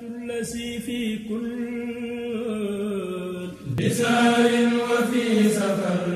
الذي في كل بسار وفي سفر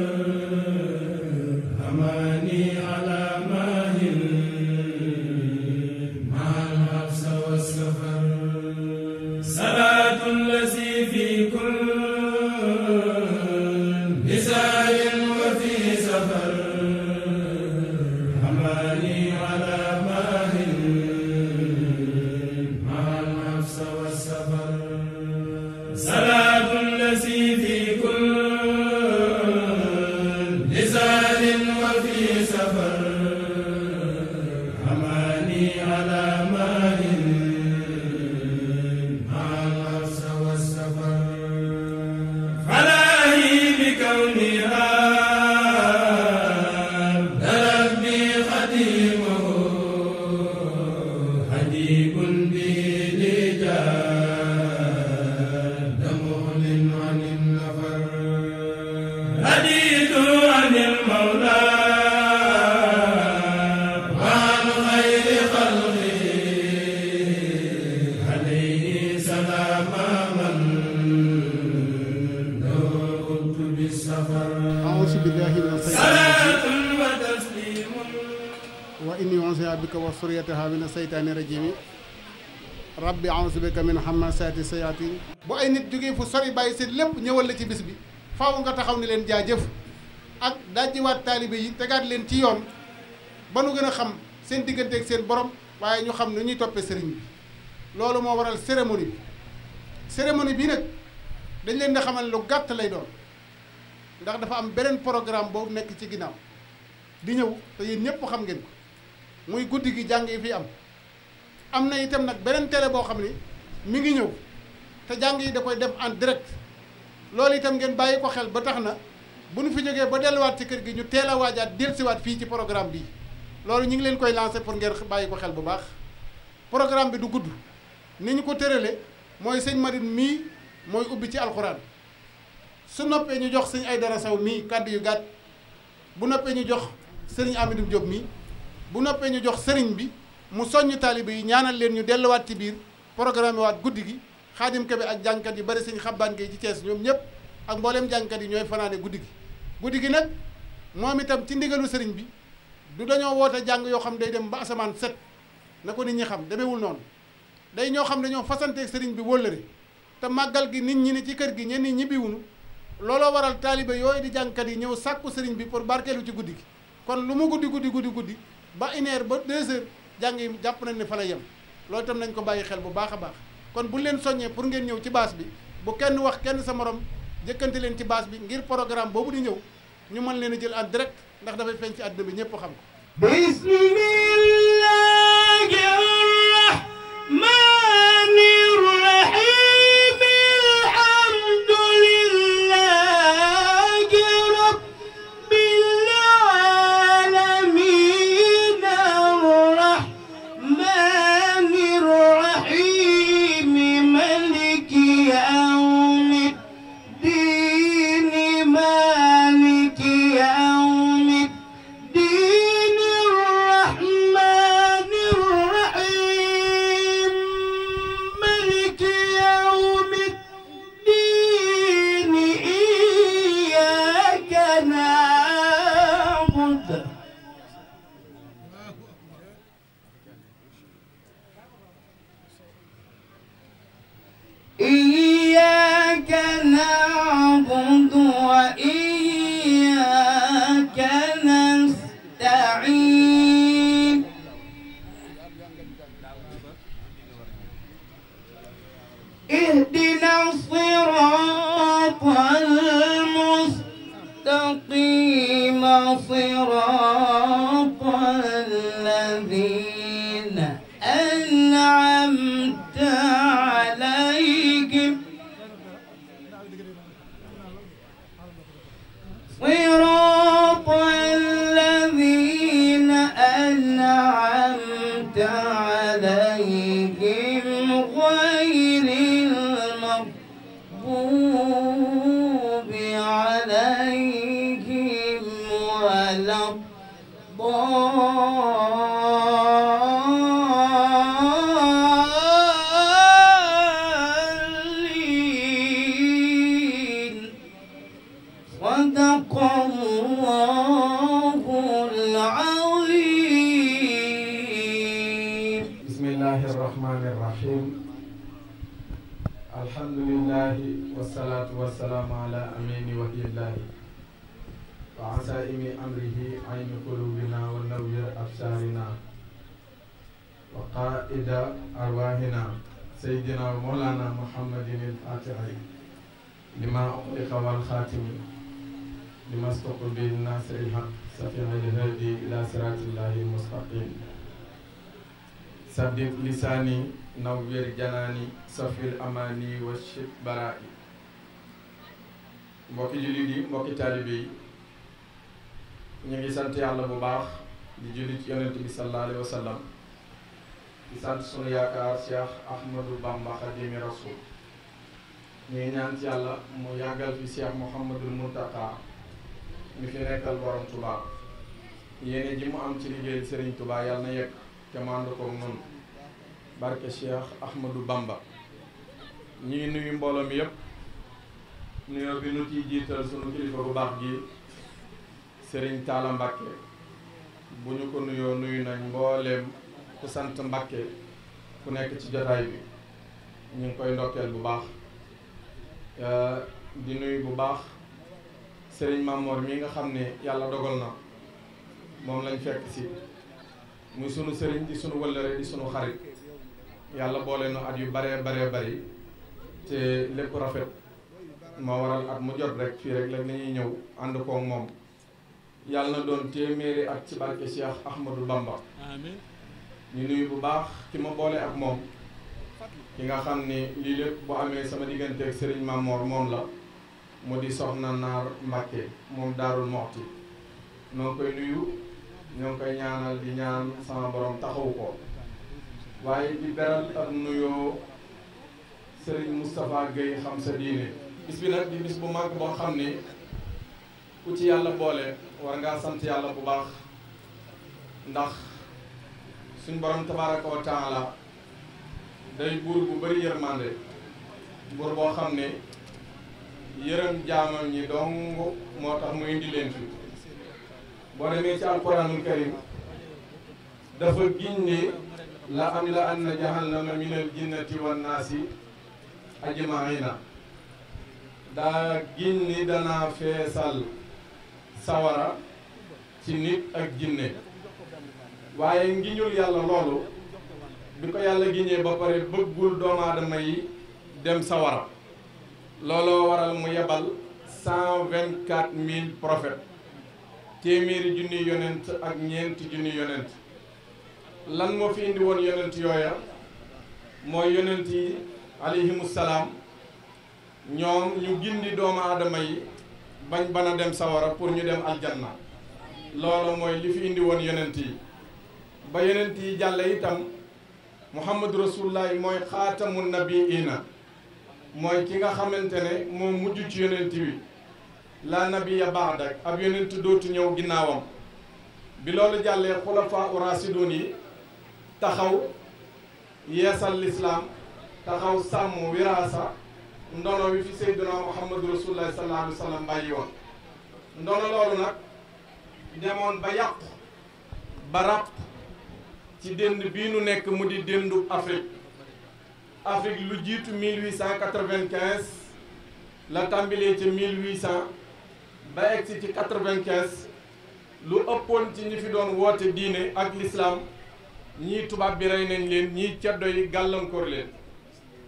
masati sayaati bu ay nit jógee fu sori bàyyi seen lépp ñëwal la ci bis bi faaw nga taxaw ni leen jaajëf ak dajjiwaat taalibe yi tegaat leen ci yoon ba nu gën a xam seen diggante ak seen borom waaye ñu xam nu ñuy toppee sëriñ bi loolu moo waral cérémonie bi cérémonie bi nag dañ leen di xamal lu gàtt lay doon ndax dafa am beneen programme boobu nekk ci ginnaaw di ñëw te yéen ñëpp xam ngeen ko muy guddi gi jàng yi fi am am na itam nag beneen télé boo xam ni mi ngi ñëw te jàng yi da koy dem en direct loolu itam ngeen bàyyi ko xel ba tax na bu nu fi jógee ba delluwaat ci kër gi ñu teel a waajaat dellusiwaat fii ci programme bi loolu ñu ngi leen koy lancé pour ngeen bàyyi ko xel bu baax programme bi du gudd ni ñu ko tërale mooy sëñ Marine mii mooy ubbi ci alxuraan su noppee ñu jox sëñ ay dara Saw mii kàddu yu gàtt bu noppee ñu jox sëriñ Amidou jóg mii bu noppee ñu jox sëriñ bi mu soññ taalibe yi ñaanal leen ñu delluwaat ci biir programme wat guddigi khadim kebe ak jankat yi bari seigne khabban ge ci ties ñom ñep ak mbollem jankat yi ñoy fanaane guddigi guddigi nak gi nag itam ci ndigalu sëriñ bi du dañoo wota jang yo xam day dem ba asaman set nako nit ñi xam demeewul non day ño xam dañoo ak sëriñ bi wolere te magal gi nit ñi ni ci kër gi ñen ñi wuñu lolo waral taalibe yoy di jankat yi ñew sakku sëriñ bi pour barkelu ci guddigi kon lu mu guddigi guddigi guddigi ba 1h ba 2h jang yi japp nañ ni fa la yam loolu itam nañ ko bàyyi xel bu baax a baax kon bu leen soññee pour ngeen ñëw ci baas bi bu kenn wax kenn sa morom jëkkante leen ci baas bi ngir programme boobu di ñëw ñu mën leen jël en direct ndax dafay feeñ ci àdduna bi ñëpp xam ko bismillaahi rahmaan صراط الذين أنعمت عليهم صراط على أمين وحي الله وعزائم أمره عين قلوبنا ونوير أبصارنا وقائد أرواحنا سيدنا ومولانا محمد الفاتح لما أقلق والخاتم لما استقل به الناس الحق سفيع الهدي إلى صراط الله المستقيم سبب لساني نوير جناني سفي الأماني والشبرائي mbokki jullit yi mbokki taalibe yi ñu ngi sant yàlla bu baax di julli ci yonent bi sallallahu alayhi wa sallam sant sunu yaakaar Cheikh Ahmadou Bamba Khadimi Rasoul ñu ngi ñaan ci yàlla mu yàggal fi Cheikh Mouhamadul Mountakha mi fi nekkal borom Touba yéene ji mu am ci liggéey Serigne Touba yàlla na yegg te mu ànd koog noonu barke Cheikh ñu ngi nuyu mbooloo mi yëpp. nuyoo bi nu ciy jiital sunu kilifa bu baax gi sëriñ Taala Mbàkke bu ñu ko nuyoo nuyu nañ mbooleem ku sant Mbàkke ku nekk ci jotaay bi ñu ngi koy ndokkeel bu baax di nuyu bu baax sëriñ Mamoor mi nga xam ne yàlla dogal na moom lañ fekk si muy sunu sëriñ di sunu wëllëre di sunu xarit yàlla boole nu at yu baree baree bari te lépp rafet moo waral at mu jot rek fii rek léeg lañuy ñëw ànd koog moom yàlla na doon téeméeri at ci barke Cheikh Ahmadou Bamba ñu nuyu bu baax ki ma boole ak moom ki nga xam ni lii lépp bu amee sama diggante ak Serigne Mamor moom la mu di soxna Naar Mbacke moom Daarul Moxti ñoo koy nuyu ñoo ngi koy ñaanal di ñaan sama borom taxawu ko waaye di beral ak nuyoo Serigne Moustapha Gueye xam sa diine bis bi nag di bis bu mag boo xam ne ku ci yàlla boole war ngaa sant yàlla bu baax ndax suñ borom tabaraka wa taala day buur bu bari yërmande buur boo xam ne yërëm jaamam ñi dong moo tax mu indi leen fi boo demee ci alquranul karim dafa giñ ne la am la anna jahannama min al jinnati wannaasi ajmaina daa ni danaa feesal sawara ci nit ak jinne waaye ngiñul yàlla loolu bi ko yàlla giñee ba pare bëggul doomu aadama yi dem sawara looloo waral mu yebal cent vingt quatre mille prophètes téeméeri junni yonent ak ñeenti junni yonent lan moo fi indi woon yonent yooya mooy yonent yi alayhimu salaam ñoom ñu gindi doomu aadama yi bañ bana dem sawara pour ñu dem aljanna loolu mooy li fi indi woon yonent yi ba yonent yi jàlle itam mouhamadou rasulullah mooy xaatamu nabiina mooy ki nga xamante ne moo mujj ci yonent wi la nabiya baadak ab yonent dootu ñëw ginnaawam bi loolu jàllee xulafa u rasidun yi taxaw yeesal lislaam taxaw sàmm wiraasa ndono wi fi Seydina Muhammadu Rasulullah sallallahu alayhi wa sallam won ndono loolu nak demoon ba yàqu ba ràpp ci dend bi nu nek mudi di déndu Afrique Afrique lu jitu 1895 la tambilé ci 1800 ba egsi ci 95 lu ëppoon ci ñi fi doon woote diine ak l'islam ñii tubaab bi rey nañ leen ñii ceddo yi gàllankoor leen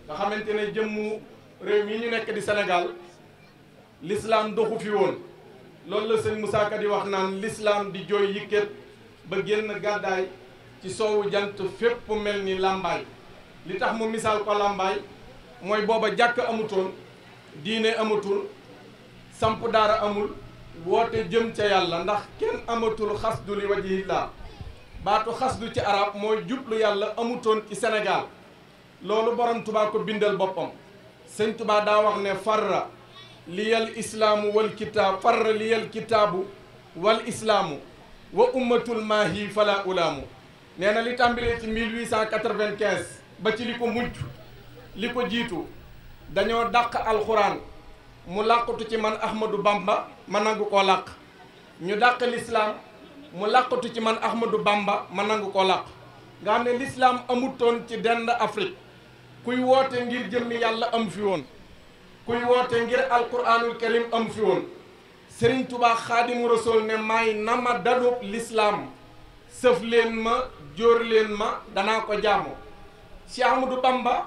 nga xamante ne jëmmu réew mi ñu nekk di Sénégal l'islam doxu fi woon loolu la sëñ Moussa di wax naan l'islam di jooy yikket ba génn gàddaay ci soowu jant fépp mel ni làmbaay li tax mu misaal ko làmbaay mooy booba jàkk amutoon diine amatul samp daara amul woote jëm ca yàlla ndax kenn amatul xasdu li wajihillah baatu xasdu ci arab mooy jublu yàlla amutoon ci senegaal loolu borom Tuubaa ko bindal boppam sëñ tubaa daa wax ne farra liyal islaamu wal kitaab farra liyal kitaabu wal islaamu wa ummatul maahi fala ulaamu nee na li tàmbalee ci ba ci li ko mujj li ko jiitu dañoo dàq alxuraan mu làqatu ci man Ahmadou bàmba ma nangu koo làq ñu dàq lislaam mu làqatu ci man Ahmadou Bamba ma nangu koo làq nga xam ne lislaam amutoon ci dend Afrique kuy woote ngir jëmmi yàlla am fi woon kuy woote ngir alquranul karim am fi woon sëriñ tubaa xaadimu rasool ne may nama dadub lislaam sëf ma jóor leen ma danaa ko jaamu si Ahmadou Bamba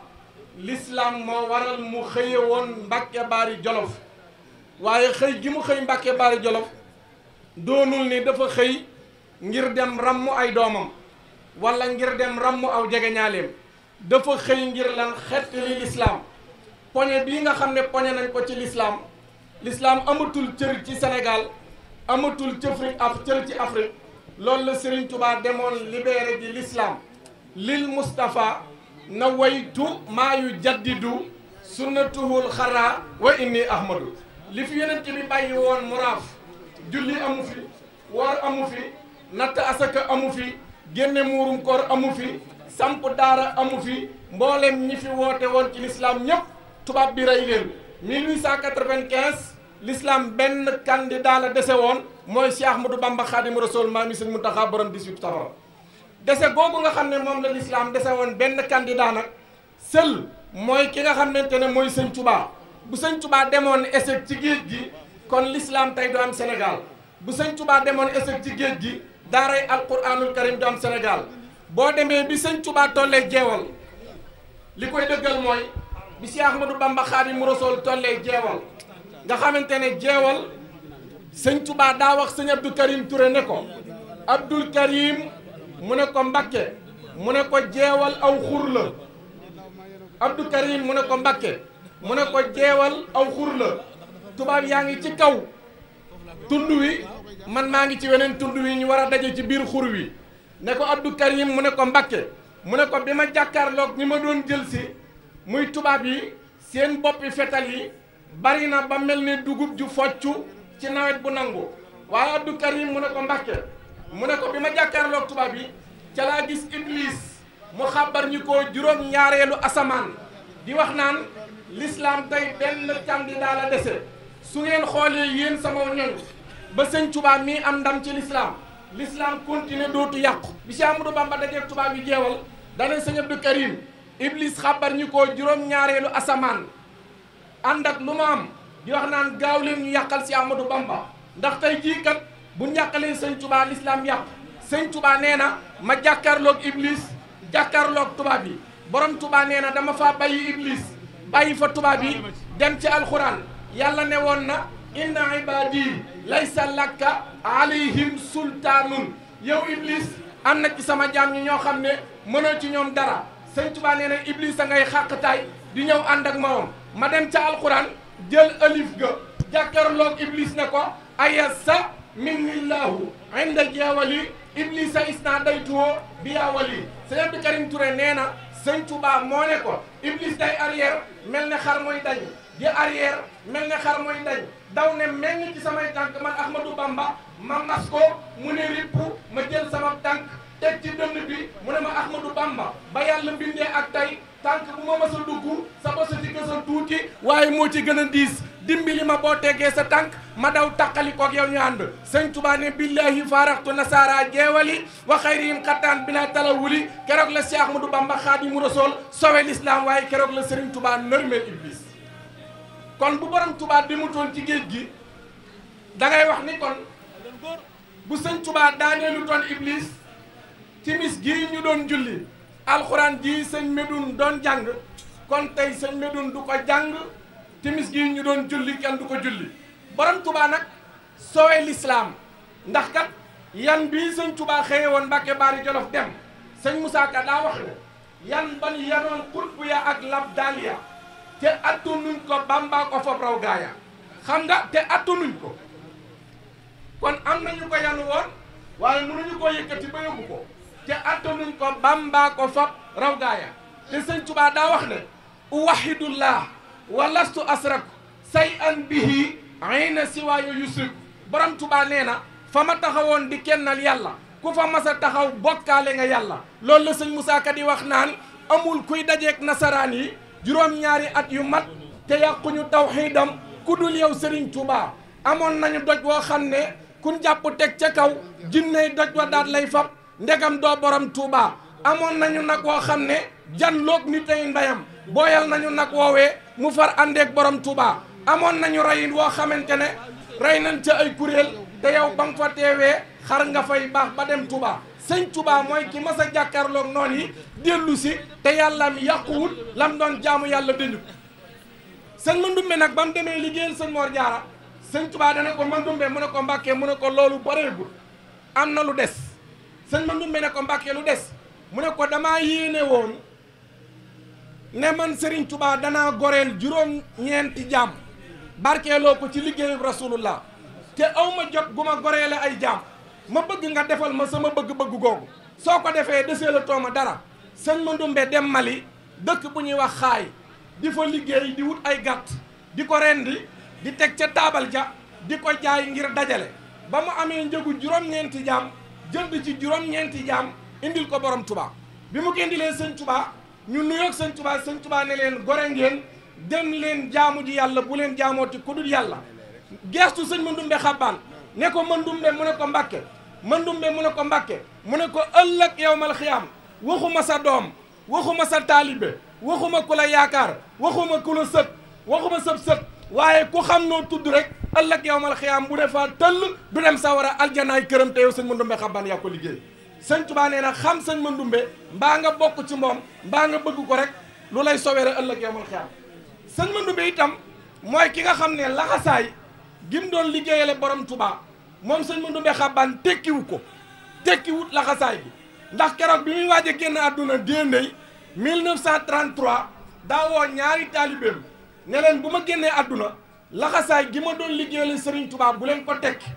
lislaam moo waral mu xëye woon mbàkke baari jolof waaye xëy gi mu xëy mbàkke baari jolof doonul ni dafa xëy ngir dem ràmm ay doomam wala ngir dem ràmm aw jegeñaaleem dafa xëy ngir lan xet li l'islam poñe bi nga xamne ne poñe nañ ko ci l'islam l'islam amatul cër ci Sénégal amatul cëfri af cër ci Afrique lool la Serigne Touba demone libéré di l'islam lil mustafa na waytu maa yu jaddidu sunnatuhul xaraa wa inni ahmadu li fi yenen ci bi bàyyi won muraf julli amu fi war amu fi natt asaka amu fi génne murum kor amu fi samp dara amu fi mbollem ñi fi wote won ci l'islam ñep tubaab bi ray leen 1895 l'islam ben candidat la déssé won moy Cheikh Ahmadou Bamba Khadim Rasoul mami seigne Muntaxa borom 18 safara déssé gogu nga xamné mom la l'islam déssé won ben candidat nak seul moy ki nga xamante ne mooy Sëñ Touba bu seigne Touba démon échec ci geej gi kon l'islam tay Senegal, am Sénégal bu seigne Touba démon échec ci geej gi daray alquranul karim do am Sénégal boo demee bi sëñ Touba tollee jeewal li koy dëggal mooy bi si Ahmadou Bamba Xaadimu Rasuul tollee jeewal nga xamante ne jeewal sëñ tubaa daa wax sëñ Abdou Karim Touré ne ko Abdoul mu ne ko Mbakke mu ne ko jeewal aw xur la Abdou mu ne ko Mbakke mu ne ko jeewal aw xur la tubaab yaa ngi ci kaw tund wi man maa ngi ci weneen tund wi ñu war a daje ci biir xur wi ne ko Abdou Karim mu ne ko Mbakke mu ne ko bi ma jàkkaarloog ñi ma doon jël si muy tubaab yi seen boppi fetal yi bari na ba mel ne dugub ju foccu ci nawet bu nangu waaye Abdou Karim mu ne ko Mbakke mu ne ko bi ma jàkkaarloog tubaab yi ca laa gis Iblis mu xabar ñu ko juróom ñaareelu asamaan di wax naan lislaam tey benn candidat la dese su ngeen xoolee yéen sama ñoñ ba sëñ tubaab mii am ndam ci l'islam l'islam continué dootu yàqu bi si Amadou Bamba dajeeg tubaab yi jeewal danañ sëñ Abdou Karim Iblis xabar ñu ko juróom-ñaareelu asamaan ànd ak lu ma am di wax naan gaaw leen ñu yàqal si Amadou Bamba ndax tey jii kat bu ñu yàqalee sëñ Touba l'islam yàqu sëñ Touba nee na ma jàkkaarloog Iblis jàkkaarloog tubaab yi borom Touba nee na dama faa bàyyi Iblis bàyyi fa tubaab yi dem ci alxuraan yàlla ne woon na. inna ibadi laysa lakka alayhim sultaanun yow iblis am na ci sama jaam ñi ñoo xam ne mën mënoo ci ñoom dara sëñ Tuubaa nee na iblis ngay xàqtaay di ñëw ànd ak moom ma dem ca alquran jël alif ga jàkkarloog iblis ne ko ayasa minnillahu inda jeewali iblisa isna daytuwoo bi yaawali sëñ Abdou Karim Touré nee na sëñ Tuubaa moo ne ko iblis day arrière mel ne xar muy dañ di arrière mel ne xar muy dañ daw ne mel ci samay tànk man Ahmadou Bamba ma mas ko mu ne ripp ma jël sama tànk teg ci dënn bi mu ne ma Ahmadou Bamba ba yàlla mbindee ak tey tànk bu ma mës a dugg sa bos ci gën a tuuti waaye moo ci gën a diis dimbali ma boo tegee sa tànk ma daw taqali koog yow ñu ànd sëñ Tuubaa ne billahi faaraxtu nasaara jeewali wa xayrihim xattaan bi naa talawuli keroog la Cheikh Ahmadou Bamba xaadimu rasool sowe lislaam waaye keroog la Sëriñ Tuubaa nërmeel iblis kon bu borom mu ton ci geej gi da ngay wax ni kon bu sëñ tubaa lu ton iblis timis gi ñu doon julli alquran di señ medun don jang kon tay señ medun du ko timis gi ñu doon julli kenn du ko julli borom tuba nak sowe l'islam ndax kat yan bi señ tuba xëye woon mbàkke baari jolof dem señ Moussa Ka wax yan ban yanoon qurbu ya ak lab te attanuñ ko Bamba ko foofu raw gaaya xam nga te attanuñ ko kon am nañu ko yanu woon waaye mënuñu koo yëkkati ba yóbbu ko te attanuñ ko Bamba ko foofu raw gaaya te sëñ Tuubaa daa wax ne uwahidullah walastu asrak say an bihi ayna siwaayo yusrik borom Tuubaa nee na fa ma taxawoon di kennal yàlla ku fa mas taxaw bokkaale nga yàlla loolu la sëñ Moussa Ka wax naan amul kuy dajeek nasaraan yi juróom-ñaari at yu mat te yàquñu tawxiidam ku dul yow Serigne Touba amoon nañu doj woo xam ne kun jàppu teg ca kaw jinney doj wa daat lay fab ndegam doo borom Touba amoon nañu nag woo xam ne jan loog nit ay ndeyam booyal nañu nag woowee mu far àndeeg borom Touba amoon nañu reyin woo xamante ne rey nañ ca ay kuréel te yow ba nga fa teewee xar nga fay baax ba dem Touba sëñ Touba mooy ki mas a jàkkaarloog noonu yi dellu si te yàllaam yàquwul lam doon jaamu yàlla dëñu sëñ Mandoumbe nag bam mu demee liggéeyal sëñ moor Diarra sëñ Touba dana ko Mandoumbe mu ne ko Mbàkke mu ne ko loolu bareegul am na lu des sëñ Mandoumbe ne ko Mbàkke lu des mu ne ko dama yéene woon ne man Serigne Touba danaa goreel juróom-ñeenti jaam barkeeloo ko ci liggéeyu rasulullah te awma jot gu ma goreele ay jaam ma bëgg nga defal ma sama bëgg-bëgg googu soo ko defee desee la tooma dara sëñ Mandumbe dem Mali dëkk bu ñuy wax xaay di fa liggéey di wut ay gàtt di ko rendi di teg ca taabal ja di ko jaay ngir dajale ba mu amee njëgu juróom-ñeenti jaam jënd ci juróom-ñeenti jaam indil ko borom Touba bi mu ko indilee sëñ Touba ñu nuyoog sëñ Touba sëñ Touba ne leen gore ngeen dem leen jaamu ji yàlla bu leen jaamooti ku dul yàlla geestu sëñ Mandumbe xabbaan ne ko Mandumbe mu ne ko Mbàkke Mandumbe mu ne ko Mbàkke mu ne ko ëllëg yowmal xiyaam waxuma sa doom waxuma sa taalibe waxuma ku la yaakaar waxuma ku la sët waxuma sëb sët waaye ku xam noo tudd rek ëllëg yowmal xiyaam bu defaa tëll du dem sawara aljanaay këram te yow sëñ Mandumbe xaban yaa ko liggéey sëñ Tuubaa nee na xam sëñ Mandumbe mbaa nga bokk ci moom mbaa nga bëgg ko rek lu lay soweere ëllëg yowmal xiyaam sëñ Mandumbe itam mooy ki nga xam ne laxasaay gim doon liggéeyale borom Touba moom sëñ Mandoumbe Xaban tekkiwu ko tekkiwut laxasaay bi ndax keroog bi muy waaj a génn àdduna déendéy 1933 daawoo ñaari taalibeem ne bu ma génnee àdduna laxasaay gi ma doon liggéeyale sëriñ tubaab bu leen ko tekki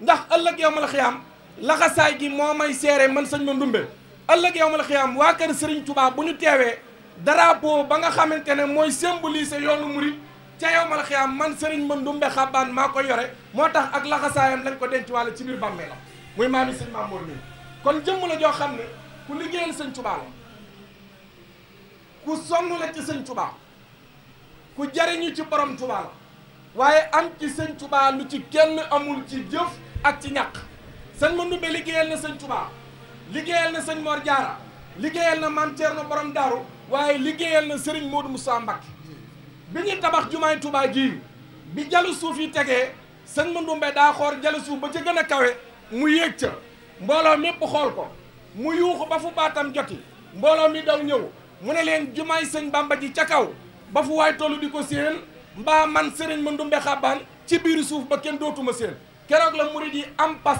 ndax ëllëg yowmal xiyaam laxasaay gi moo may seere man sëñ Mandoumbe ëllëg yowmal xiyaam waa kër sëriñ Touba bu ñu teewee drapeau ba nga xamante ne mooy symboliser yoonu murit ca yowmal xiyaam man sëriñ mën dumbe xabbaan maa ko yore moo tax ak laxasaayam lañ ko denc wàll ci biir bàmmeelam muy maami sëñ Mamour mi kon jëmm la joo xam ne ku liggéeyal sëñ Tuubaa la sonn la ci sëñ Tuubaa ku jariñu ci borom Tuubaa la waaye am ci sëñ Tuubaa lu ci kenn amul ci jëf ak ci ñàkk sëñ mën dumbe liggéeyal na sëñ Tuubaa liggéeyal na sëñ Mor Jaara liggéeyal na maam na borom daaru waaye liggéeyal na sëriñ Modou Moussa Mbacké bi ñuy tabax jumaay Touba ji bi jalu suuf yi tegee sëñ Mandumbe daa xoor jalu suuf ba ca gën a kawe mu yéeg ca mbooloo mépp xool ko mu yuuxu ba fu baatam joti mbooloo mi daw ñëw mu ne leen jumaay sëñ Bamba ji ca kaw ba fu waay tollu di ko séen mbaa man sëriñ Mandumbe xàbbaan ci biiru suuf ba kenn dootuma séen keroog la murid yi am pas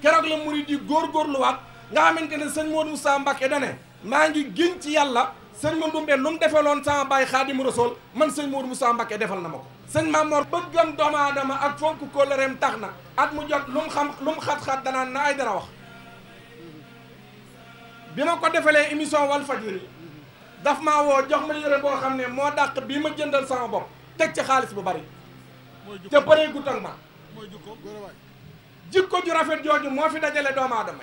keroog la murid yi góorgóorluwaat nga xamante ne sëñ Modou Moussa Mbacké dane maa ngi giñ ci yàlla sëñ Mandoumbe lu mu defaloon sama baay Xaadimu Rasuul man sëñ Mourou Moussa Mbacké defal na ma ko sëñ Maam Mor bëggam doomu aadama ak fonk kóllëreem tax na at mu jot lu mu xam lu mu xat-xat danaan na ay dara wax bi ma ko defalee émission Walfadjri dafa ma woo jox ma yére boo xam ne moo dàq bii ma jëndal sama bopp teg ci xaalis bu bari te bëree gut ak ma jikko ju rafet jooju moo fi dajale doomu aadama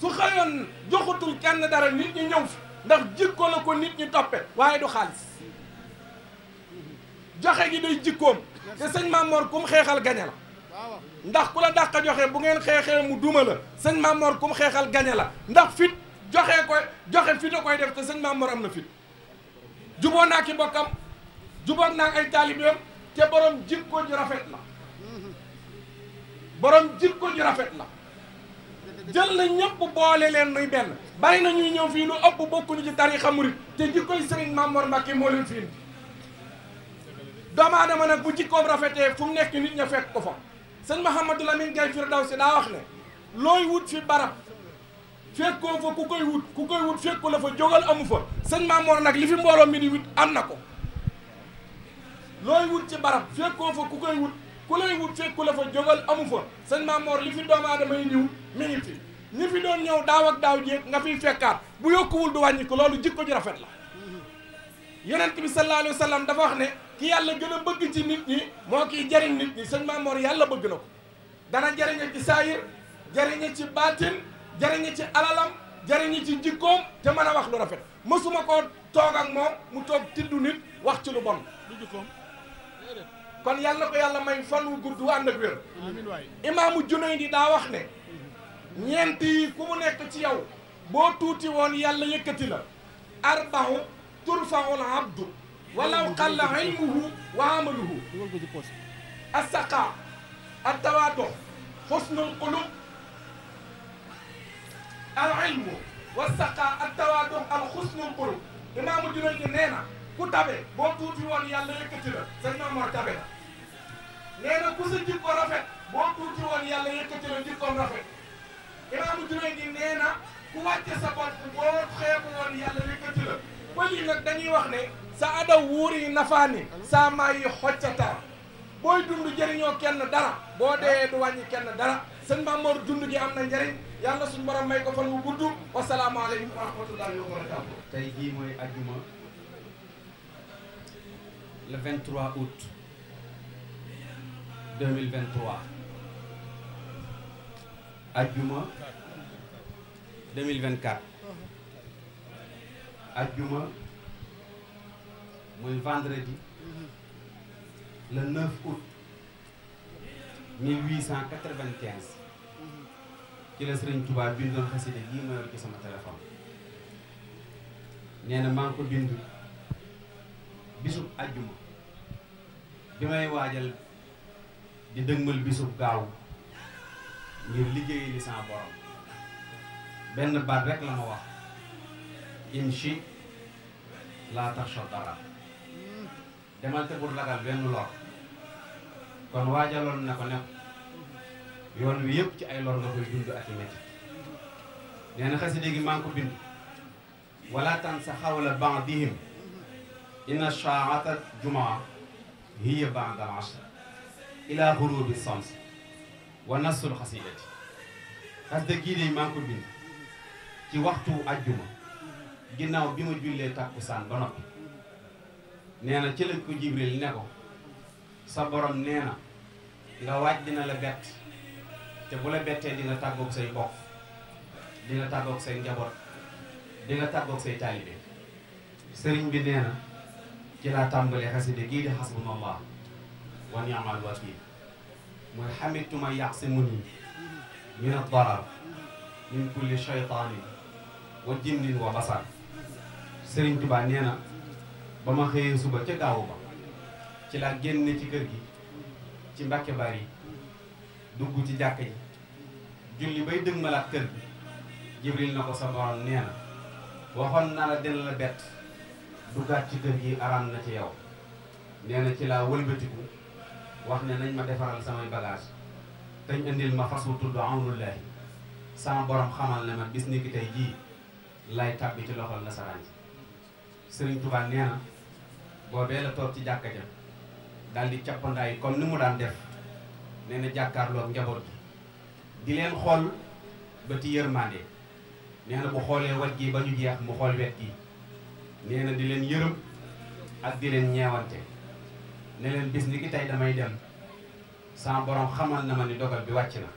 su xëyoon joxutul kenn dara nit ñi ñëw ndax jikko la ko nit ñi toppe waaye du xaalis joxe gi day jikkoom te sëñ Mamor kum xeexal gañe la ndax ku la dàq joxe bu ngeen xeexee mu duma la sëñ Mamor kum xeexal gañe la ndax fit joxe koy joxe fit a koy def te sëñ Mamor am na fit juboo naa ki mbokkam juboon naa ay taalibeem te borom jikko ju rafet la borom jikko ju rafet la jël na ñëpp boole leen nuy benn bàyyi na ñuy ñëw fii lu ëpp bokkuñu ci tarixa murit te jikkoy Serigne Mamor Mbacke moo leen fiin doomu nag bu jikkoom rafetee fu mu nekk nit ña fekk ko fa sëñ Mouhamadou Lamine Gaye Firdawsi daa wax ne looy wut fi barab fekkoo fa ku koy wut ku koy wut fekku la fa jógal amu fa sëñ Mamor nag li fi mbooloo mi di wut am na ko looy wut ci barab fekkoo fa ku koy wut ku lay wut fekk ku la fa jógal amu fa sëñ Maam li fi doomu aadama yi ñëw mi ngi fi ñi fi doon ñëw daaw daaw jéeg nga fiy fekkaat bu yokkuwul du wàññi ko loolu jikko ju rafet la yonent bi sallallahu alayhi dafa wax ne ki yàlla gën a bëgg ci nit ñi moo kii jariñ nit ñi sëñ Maam Mor yàlla bëgg na ko dana jariñe ci saayir jariñe ci baatin jariñe ci alalam jariñe ci jikkoom te mën a wax lu rafet mësuma koo toog moom mu toog tiddu nit wax ci lu bon kon yàlla na ko yàlla may fan wu gudd wu ànd ak wér imaamu Junayd daa wax ne ñeent yi ku mu nekk ci yow boo tuuti woon yàlla yëkkati la arbahu turfaul abdu walaw qalla ilmuhu wa amaluhu asaqa attawaado xusnul qulub al ilmu wasaqa attawaado al xusnul qulub imaamu Junayd nee na ku tabe boo tuuti woon yàlla yëkkati la sëñ Mamor tabe la nee ku sa jikko rafet boo tuuti woon yàlla yëkkati la jikkoom rafet imaamu Jureedi nee na ku wàcce sa bopp boo xeebu woon yàlla yëkkati la yi nag dañuy wax ne sa adaw wuur yi nafaani sa maa yi xoccataa booy dund jëriñoo kenn dara boo dee du wàññi kenn dara sëñ Mamor dund ji am na njëriñ yàlla suñu borom may ko fan wu gudd wasalaamaaleykum wa rahmatullahi wa barakatu tey jii mooy ajjuma le 23 août 2023 ajjuma 2024 Adjuma, mon vendredi le 9 août 1895 ci la Sëriñ Tuubaa bindoon xasida gii sama téléphone nee na ko bind de ajjuma bi may waajal di dëgmal bisub gaaw ngir liggéey li sama borom benn baat rek la ma wax imshi laa taxsha dara demal te bul ragal benn lor kon waajaloon na ko ne yoon wi yëpp ci ay lor nga koy dund ak i métti nee na xasida gi maa ngi ko bind wala tan sa xawla bandihim inna shaata jumaa هي بعد العشرة إلى غروب الشمس ونص القصيدة أصدقيني ما كل بنا في وقت الجمعة جينا وبيمو جيلة تكوسان بنو نينا تلك جبريل نكو صبرم نينا غواج دينا لبيت تقول بيت دينا تاكوك سي بوك دينا تاكوك سي جبر دينا تاكوك سي تالي سرين بي نينا جلا تامبل خسي دغي حسب الله ونعم الوكيل محمد ما يعصمني من الضرر من كل شيطان وجن وبصر سيرن توبا نينا بما خيي سوبا تي غاو با تي لا ген تي كيرغي تي مباكي باري دوجو تي جاكي جولي باي دغ ملا كير جبريل نكو سا بون نينا واخون نالا دين لا بيت duggaat ci kër gi araam na ci yow nee na ci laa wëlbatiku wax ne nañ ma defaral samay bagage tañ indil ma fas wu tudd awnullahi sama borom xamal ne ma bis jii lay tàbbi ci loxol nasaraan si Sëriñ Tuubaa nee na boobee la toog ci jàkka ja daal di kon comme ni mu daan def nee na jàkkaarloog njaboot bi di leen xool ba ci yërmande nee na bu xoolee wet gi ba ñu jeex mu xool wet gi nee na di leen yërëm ak di leen ñeewante ne leen bis ni ki tey damay dem sama borom xamal na ma ni dogal bi wàcc na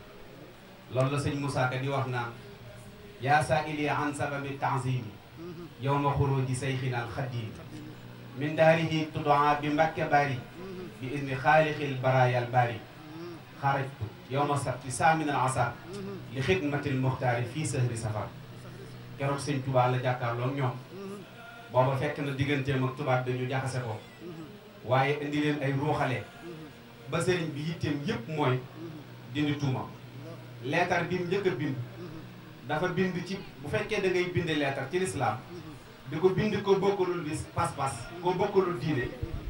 loolu la sëñ Moussa Ka di wax naan yaa saa ili an sababi tanzimi yow ma xuruji sayxina al xadim min daarihi tudoa bi mbakke bari bi idni xaalixil barayal bari xarajtu yow ma sabti saamin al asar li xidmatil muxtaari fii sahri safar keroog sëñ Tuubaa la jàkkaarloo ñoom booba fekk na digganteem ak tubaab dañu jaxase ko mm-hmm. waaye indi leen ay ruuxale mm-hmm. ba sëriñ bi yitteem yépp mooy mm-hmm. dindi tuuma leetar bi mu njëkk bind dafa bind ci bu fekkee da ngay bind leetar ci lislaam di ko bind ko bokkalul bis pas-pas ko bokkalul diine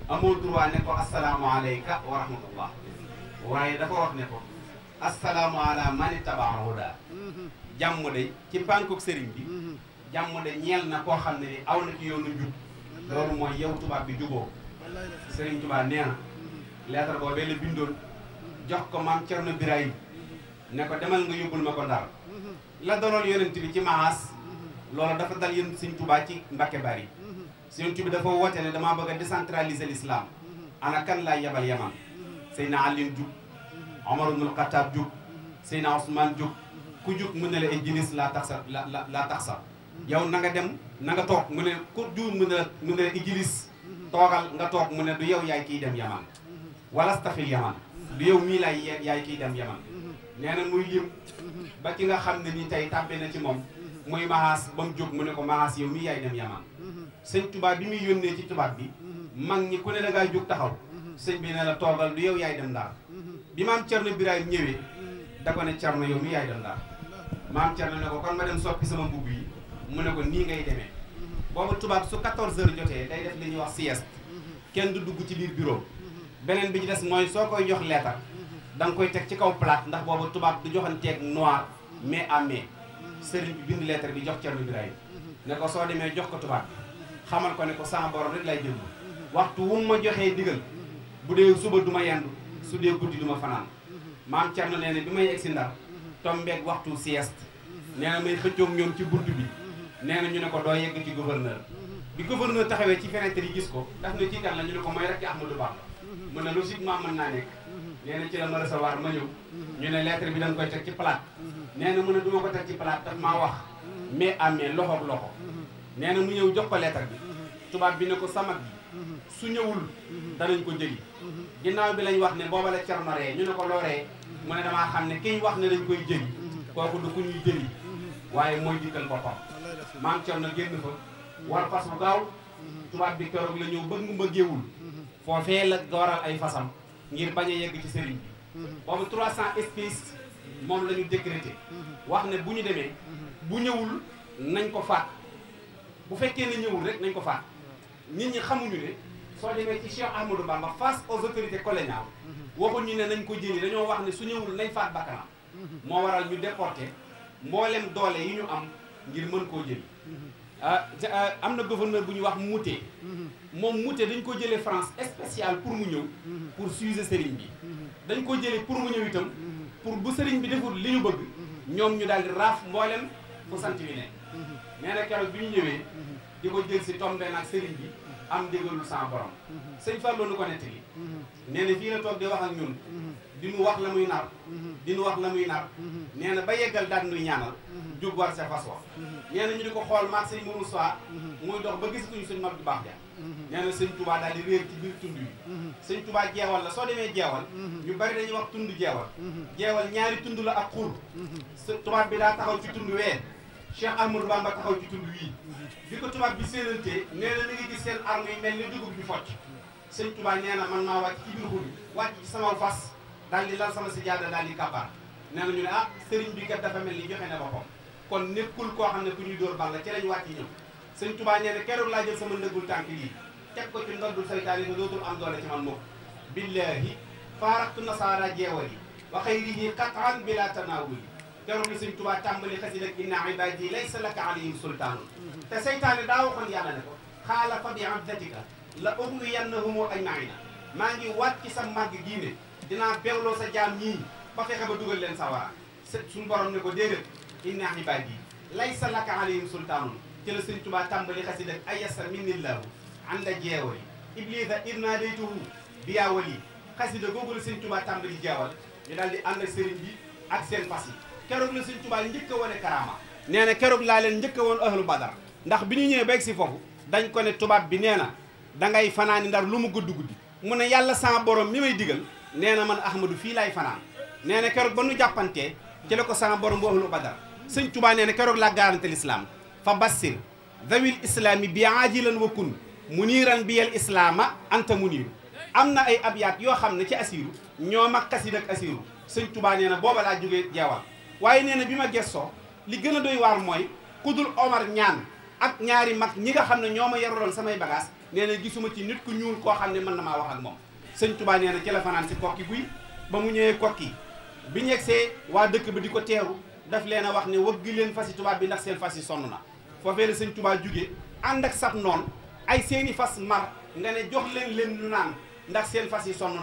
amoo droit ne ko assalaamu alayka wa rahmatullah waaye dafa wax ne ko assalaamu ala mani tabaa huda jàmm day ci pànkuk sëriñ bi jàmm de ñeel na koo xam ne ni aw na ci yoonu njub loolu mooy yow tubaab bi juboo Serigne Touba nee na leetar boobee la bindoon jox ko maam Cerno Birahim ne ko demal nga yóbbul ma ko Ndar la daloon yonent bi ci maas loolu dafa dal yéen Serigne tubaa ci Mbacké Bari Serigne Touba dafa woote ne damaa bëgg a décentraliser l'islam ana kan laay yebal yaman Seydina Alioune jug Omar ibnul Xattaab jug Seydina Ousmane jug ku jug mën na la ay jinis laa tax sa la laa tax yow na nga dem na nga toog mu ne ku juum mu ne mu ne Idriss toogal nga toog mu ne du yow yaay kiy dem yaman wala stafil yaman du yow mii lay yaay kiy dem yaman nee na muy lim ba ki nga xam ne ni tey tàbbi na ci moom muy mahaas ba mu jóg mu ne ko mahaas yow mii yaay dem yaman sëñ tubaab bi muy yónnee ci tubaab bi mag ñi ku ne da ngaa jóg taxaw sëñ bi ne la toogal lu yow yaay dem ndaar bi maam Cerno Birahim ñëwee da ko ne Cerno yow mii yaay dem ndaar maam ne ko kon ma dem soppi sama mbubb yi mu ne ko nii ngay demee boobu tubaab su 14 heures jotee day def li ñuy wax sieste kenn du dugg ci biir bureau beneen bi ci des mooy soo koy jox leetar danga koy teg ci kaw palaat ndax boobu tubaab du joxanteeg noir mais à mais sëriñ bi bind leetar bi jox Cerno Birahim ne ko soo demee jox ko tubaab xamal ko ne ko sama borom rek lay jëm waxtu wu ma joxee digal bu dee suba du ma yendu su dee guddi du ma fanaan maam Cerno nee na bi may egsi Ndar tombeeg waxtu sieste nee na may xëccoog ñoom ci bunt bi nee na ñu ne ko doo yegg ci gouverneur bi gouverneur taxawee ci fenêtre yi gis ko daf ne kii kan la ñu ne ko mooy rek ci Ahmadou Bamba mu ne logiquement mën naa nekk nee na ci la ma recevoir ma ñëw ñu ne lettre bi dañ koy teg ci palaat nee na mu ne du ko teg ci plate daf ma wax mais amee loxoog loxo nee na mu ñëw jox ko lettre bi tubaab bi ne ko samat bi su ñëwul danañ ko jëli ginnaaw bi lañ wax ne booba la cernoree ñu ne ko looree mu ne ne kiy wax ne dañ koy jëli kooku du ku ñuy waaye mooy dikkal maam Thierno génn fa. war fas bu gaaw. tubaab bi keroog la ñëw bëgg mu bëggeewul. la waral ay fasam. ngir bañ a yegg ci sëriñ bi. boobu 300 espèces moom la ñu décrété. wax ne bu ñu demee. bu ñëwul nañ ko faat. bu fekkee ne ñëwul rek nañ ko faat. nit ñi xamuñu ne soo demee ci Cheikh Ahmadou Bamba face aux autorités coloniales. waxuñ ñu ne nañ ko jëli dañoo wax ne su ñëwul nañ faat bakkanam. moo waral ñu déporté mboolem doole yi ñu am. ngir mën koo jël ah, ah am na gouverneur bu ñu wax Moutet moom Moutet dañ ko jëlee France spéciale pour mu ñëw pour suiser sëriñ bi dañ koo jëlee pour mu ñëw itam pour bu sëriñ bi deful li ñu bëgg ñoom ñu daal di raaf mboolem fu sant bi ne nee na bi ñu ñëwee di ko jël si tombe nag sëriñ bi am déggalu sans borom sëñ Fallou nu ko nettali nee na fii la toog di wax ak ñun Mhm. di nu wax la muy nar di wax la muy nar nee na ba yeggal daan nuy ñaanal jub war sa fas wa nee ñu di ko xool maag sëñ Mourou Soie muy dox ba gisatuñu suñ mag bu baax ja nee na sëñ Touba daal di réer ci biir tund yi mhm. sëñ Touba jeewal la soo demee jeewal mhm. ñu bari dañuy wax tund jeewal jeewal ñaari tund la ak xur tubaab bi daa taxaw ci tund wee Cheikh Ahmadou Bamba taxaw ci tund wii bi ko tubaab bi séenantee nee na mi ngi gis seen arme bi focc sëñ Touba nee na man maa wàcc ci biir xur dal di lal sama si jaada daal di kabar nee ñu ne ah sëriñ bi kat dafa mel ni joxe na bopam kon nekkul ko xamne ku ñuy dóor balla ci lañu wàcc ñëw sëñ Tuubaa nee na la jël sama ndëggul tànk yi tek ko ci ndondul saytaane ne dootul am doole ci man moom billahi faraqtu nasara jeewal wa khayrihi qatan bila tanawul keroog li sëñ Tuubaa tàmbali xasida ak inna ibadi laysa laka alayhim sultaanun te saytaane da waxon yàlla ne ko khala fa bi abdatika la ugniyannahum ajmaina ma ngi wàcc sa màgg gii ne dinaa benloo sa jaam ñii ba fexe ba dugal leen sawara suñu borom ne ko déedéet inna ibaadi laysa laka alayhim sultaanun ci la sëñ Tuubaa tàmbali xasid ak ayasa minillahu ànd ak jeewali iblisa idna daytuhu biyaawal yi xasida googu la sëñ Tuubaa tàmbali jeewal ñu daal di ànd ak sëriñ bi ak seen fas yi keroog la sëñ Tuubaa njëkk a wane karaama nee na keroog laa leen njëkk a woon ahlu ndax bi ñu ñëwee beeg si foofu dañ ko ne tubaab bi nee na dangay fanaani ndar lu mu gudd guddi mu ne yàlla sama borom mi may nee na man Ahmadou fii laay fanaan nee na keroog ba nu jàppante ci ko sama borom bu ahlu badar sëñ Tuubaa nee na keroog laa garante lislaam fa bassir dawil islaami bi aajilan wa kun muniiran bi yel islaama anta muniir am na ay abiyaat yoo xam ne ci asiiru ñoom ak xasiid ak asiiru sëñ Tuubaa nee na booba laa jógee jeewal waaye nee na bi ma gestoo li gën a doy waar mooy kudul Omar ñaan ak ñaari mag ñi nga xam ne ñoo ma yaruloon samay bagage nee na gisuma ci nit ku ñuul koo xam ne mën na maa wax ak moom sëñ tubaa nee na ci fanaan si kokki guy ba mu ñëwee kokki bi ñu yegsee waa dëkk bi di ko teeru daf leen a wax ne wëgg leen fasi tubaab bi ndax seen fas yi sonn na foofee sëñ Touba jugee ànd ak sab noonu ay seeni fas mar nga ne jox leen leen ñu naan ndax seen fas yi sonn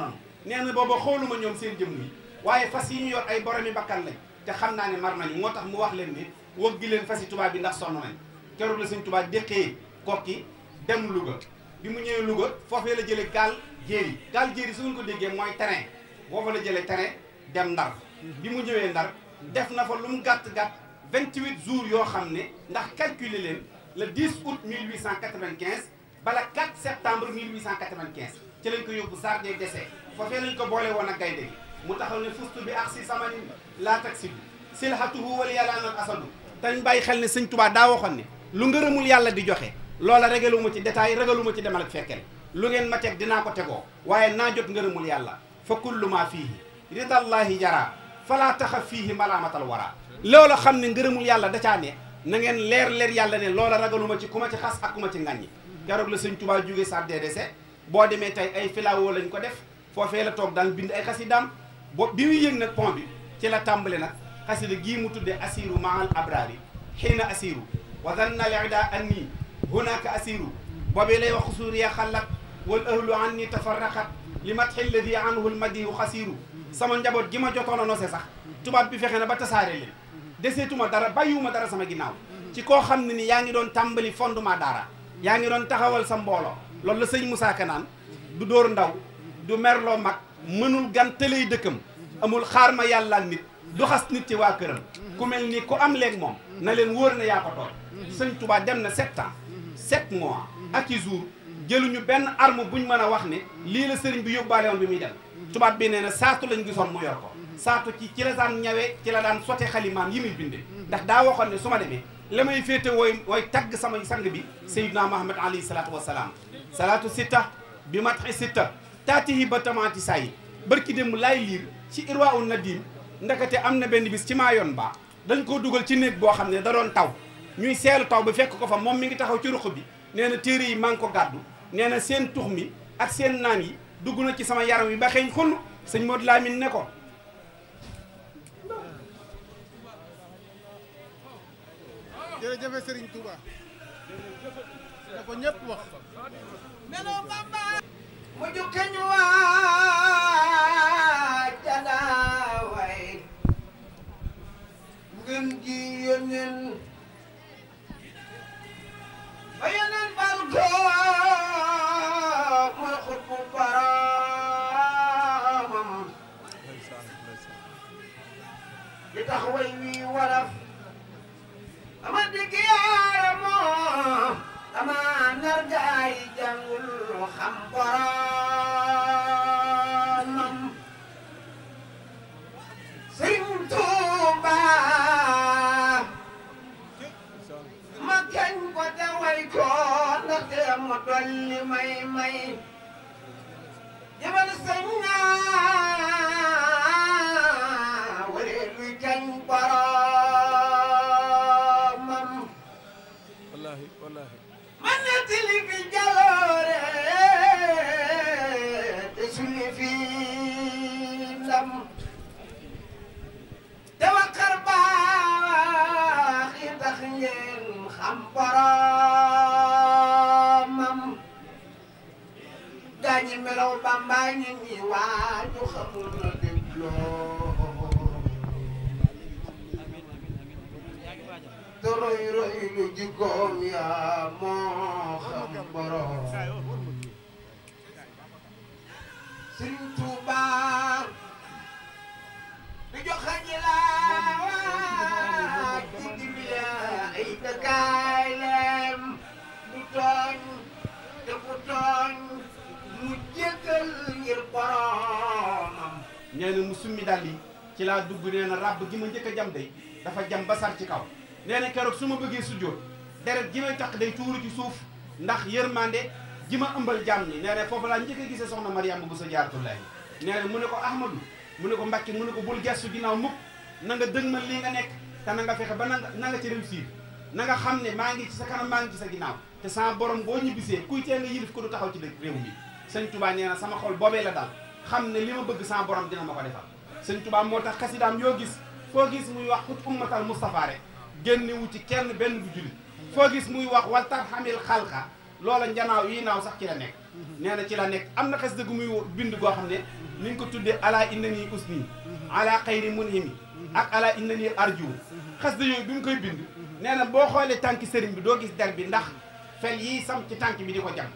nee na booba xooluma ñoom seen jëm yi waaye fas yi ñu yor ay boromi mbakkan lañ te xam naa ne mar nañu moo tax mu wax leen ni wëgg leen fasi tubaab bi ndax sonn nañ keroog la sëñ Touba déqee kokki dem Louga bi mu ñëwee Louga foofee la jëlee gaal jéeri daal jéeri su ngeen ko déggee moy terrain boo fa la jëlee terrain dem ndar bi mu ñëwee ndar def na fa lu mu gatt gàtt 28 jours yo xamné ndax calculer leen le 10 août 1895 bala 4 septembre 1895 ci lañ ko yóbbu sar des décès foofee lañ ko bolé woon ak gaynde mu taxaw né fustu bi ak si sama laa taxi silhatuhu wala yalaanal asadu dañ bàyyi xel ne seigne Tuubaa da waxone lu ngeureumul yalla di joxé lola regaluma ci détail regaluma ci demal ak fekkeel لوجين ما تك دينا كتكو واي ناجوت نعلم ليالا فكل ما فيه رضا الله جرا فلا تخف فيه ملامة الورا لولا خم نعلم ليالا ده تاني نعين لير لير يالا نه لولا رجل ما تكو ما تخص أكو ما تغني كارو بلس إن توبا جوجي سار ديرسة بودي متى أي فلا ولا نكو دف فوفيلا توب دان بند أي كسي دام بيو ين نك بام بي تلا تامبل نك كسي دقي متو ده أسيرو مع الأبراري حين أسيرو وظن لعدا أني هناك أسيرو بابي لا يخسر يا خلق والأهل عني تفرقت لمدح الذي عنه المدي خسير سما نجبوت جيما جوتونو نوسي صاح توباب بي فخنا با تساري لين ديسيتوما دار بايوما دار سما غيناو تي كو خامني ياغي يعني دون تامبلي فوندوما دارا ياغي يعني دون تخاول سا مبولو لول لا سيغ موسى كنان دو دور نداو دو ميرلو ماك منول غان تلي دكم امول خارما يالا نيت دو خاص نيت تي وا كرم كو ملني كو ام ليك موم نالين وورنا يا كو تور سيغ توبا ديمنا 7 ans 7 mois ak jour jëluñu benn arme buñ mën a wax ni lii la sëriñ bi yóbbaale woon bi muy dem tubaab bi nee na saatu lañ gisoon mu yor ko saatu ci ci la daan ñawee ci la daan sote xalimaam yi muy bindee ndax daa waxoon ne su ma demee la may féete wooy wooy tagg sama sang bi sayyidna Muhammad alayhi salaatu wasalaam salaatu sitta bi matxi sitta taatihi ba tamaati saa yi barki démb laay liir ci irwa na nadim ndakate am na benn bis ci maa yoon baax dañ koo dugal ci néeg boo xam ne da taw ñuy seelu taw bi fekk ko fa moom mi ngi taxaw ci ruq bi nee na téere yi maa ngi ko gàddu nee na seen tux mi ak seen naan yi dugg na ci sama yaram wi ba xeeñ xunn sëñ Modou Lamine ne ko jërëjëf wax melo bamba mu jukkeñ waa jalaaway ngën ji yónneen ba yónneen bal ko xam boromam sëriñ ma kañ ko daway ko ndaxte mu dolli may may jaman sëñ naa wala luy kañ boromam wallahi wallahi man na tili boromam gaañi melaw bàmbaay nit ñi waaju xamul na dégloo te roy roy lu jikkoom yaa moo xam borom Sëriñ Tuubaa nee musum mu summi dal yi ci laa dugg nee gi ma jam day dafa jam basar sar ci kaw nee na keroog su ma bëggee sujjóot deret ji may tax day tuuru ci suuf ndax yërmande ji ma ëmbal jàmm ñi nee na foofu laa njëkk a gisee soxna Mariama bu sa mu ne ko Ahmadou mu ne ko Mbàkke mu ne ko bul gestu ginnaaw mukk na nga dëgmal li nga nekk te na nga fexe ba na nga ci réussir na nga xam ne maa ngi ci sa kanam maa ngi ci sa ginnaaw te sama borom boo ñibbisee kuy tee nga yilif ko du taxaw ci dëkk réew mi sëñ Touba nee na sama xol boobee la daal xam ne li ma bëgg sama borom dina ma ko defal sëñ Touba moo tax yi xasidaam yoo gis foo gis muy wax ut ummatal Moustapha rek génnewu ci kenn benn bu jullit foo gis muy wax waltar xamil xalqa loola njanaaw yi naaw sax ci la nekk mm-hmm. nee na ci la nekk am na xasida gu muy bind goo xam ne mi ngi ko tuddee ala inna nii usni ala xayri munhimi ak ala inna nii arju xasida yooyu bi mu koy bind nee na boo xoolee tànk sëriñ bi doo gis der bi ndax fel yii sam ci tànk bi di ko jam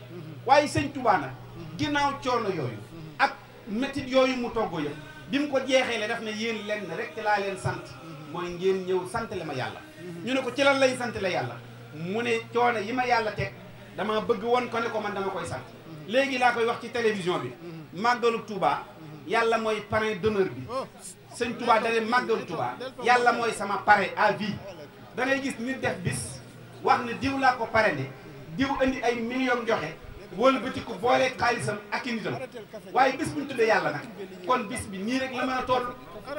waaye sëñ Tuubaa nag ginnaaw coono yooyu ak métit yooyu mu togg yëpp bi mu ko jeexee le daf ne yéen lenn rek laa leen sant mooy ngeen ñëw sant le ma yàlla ñu ne ko ci lan lay sant la yàlla mu ne coono yi ma yàlla teg dama bëgg woon ko ne ko man dama koy sant léegi laa koy wax ci télévision bi màggalu Tuubaa yàlla mooy parrain d'honneur bi oh. sëñ Touba dane màggal Touba yàlla mooy sama parrain à vie da ngay gis nit def bis wax ne diw laa ko parrainé diw andi ay millions joxe wóolu bi ci ko boolee xaalisam ak i nitam waaye bis bu ñu tuddee yàlla nag kon bis bi nii rek la mën a toll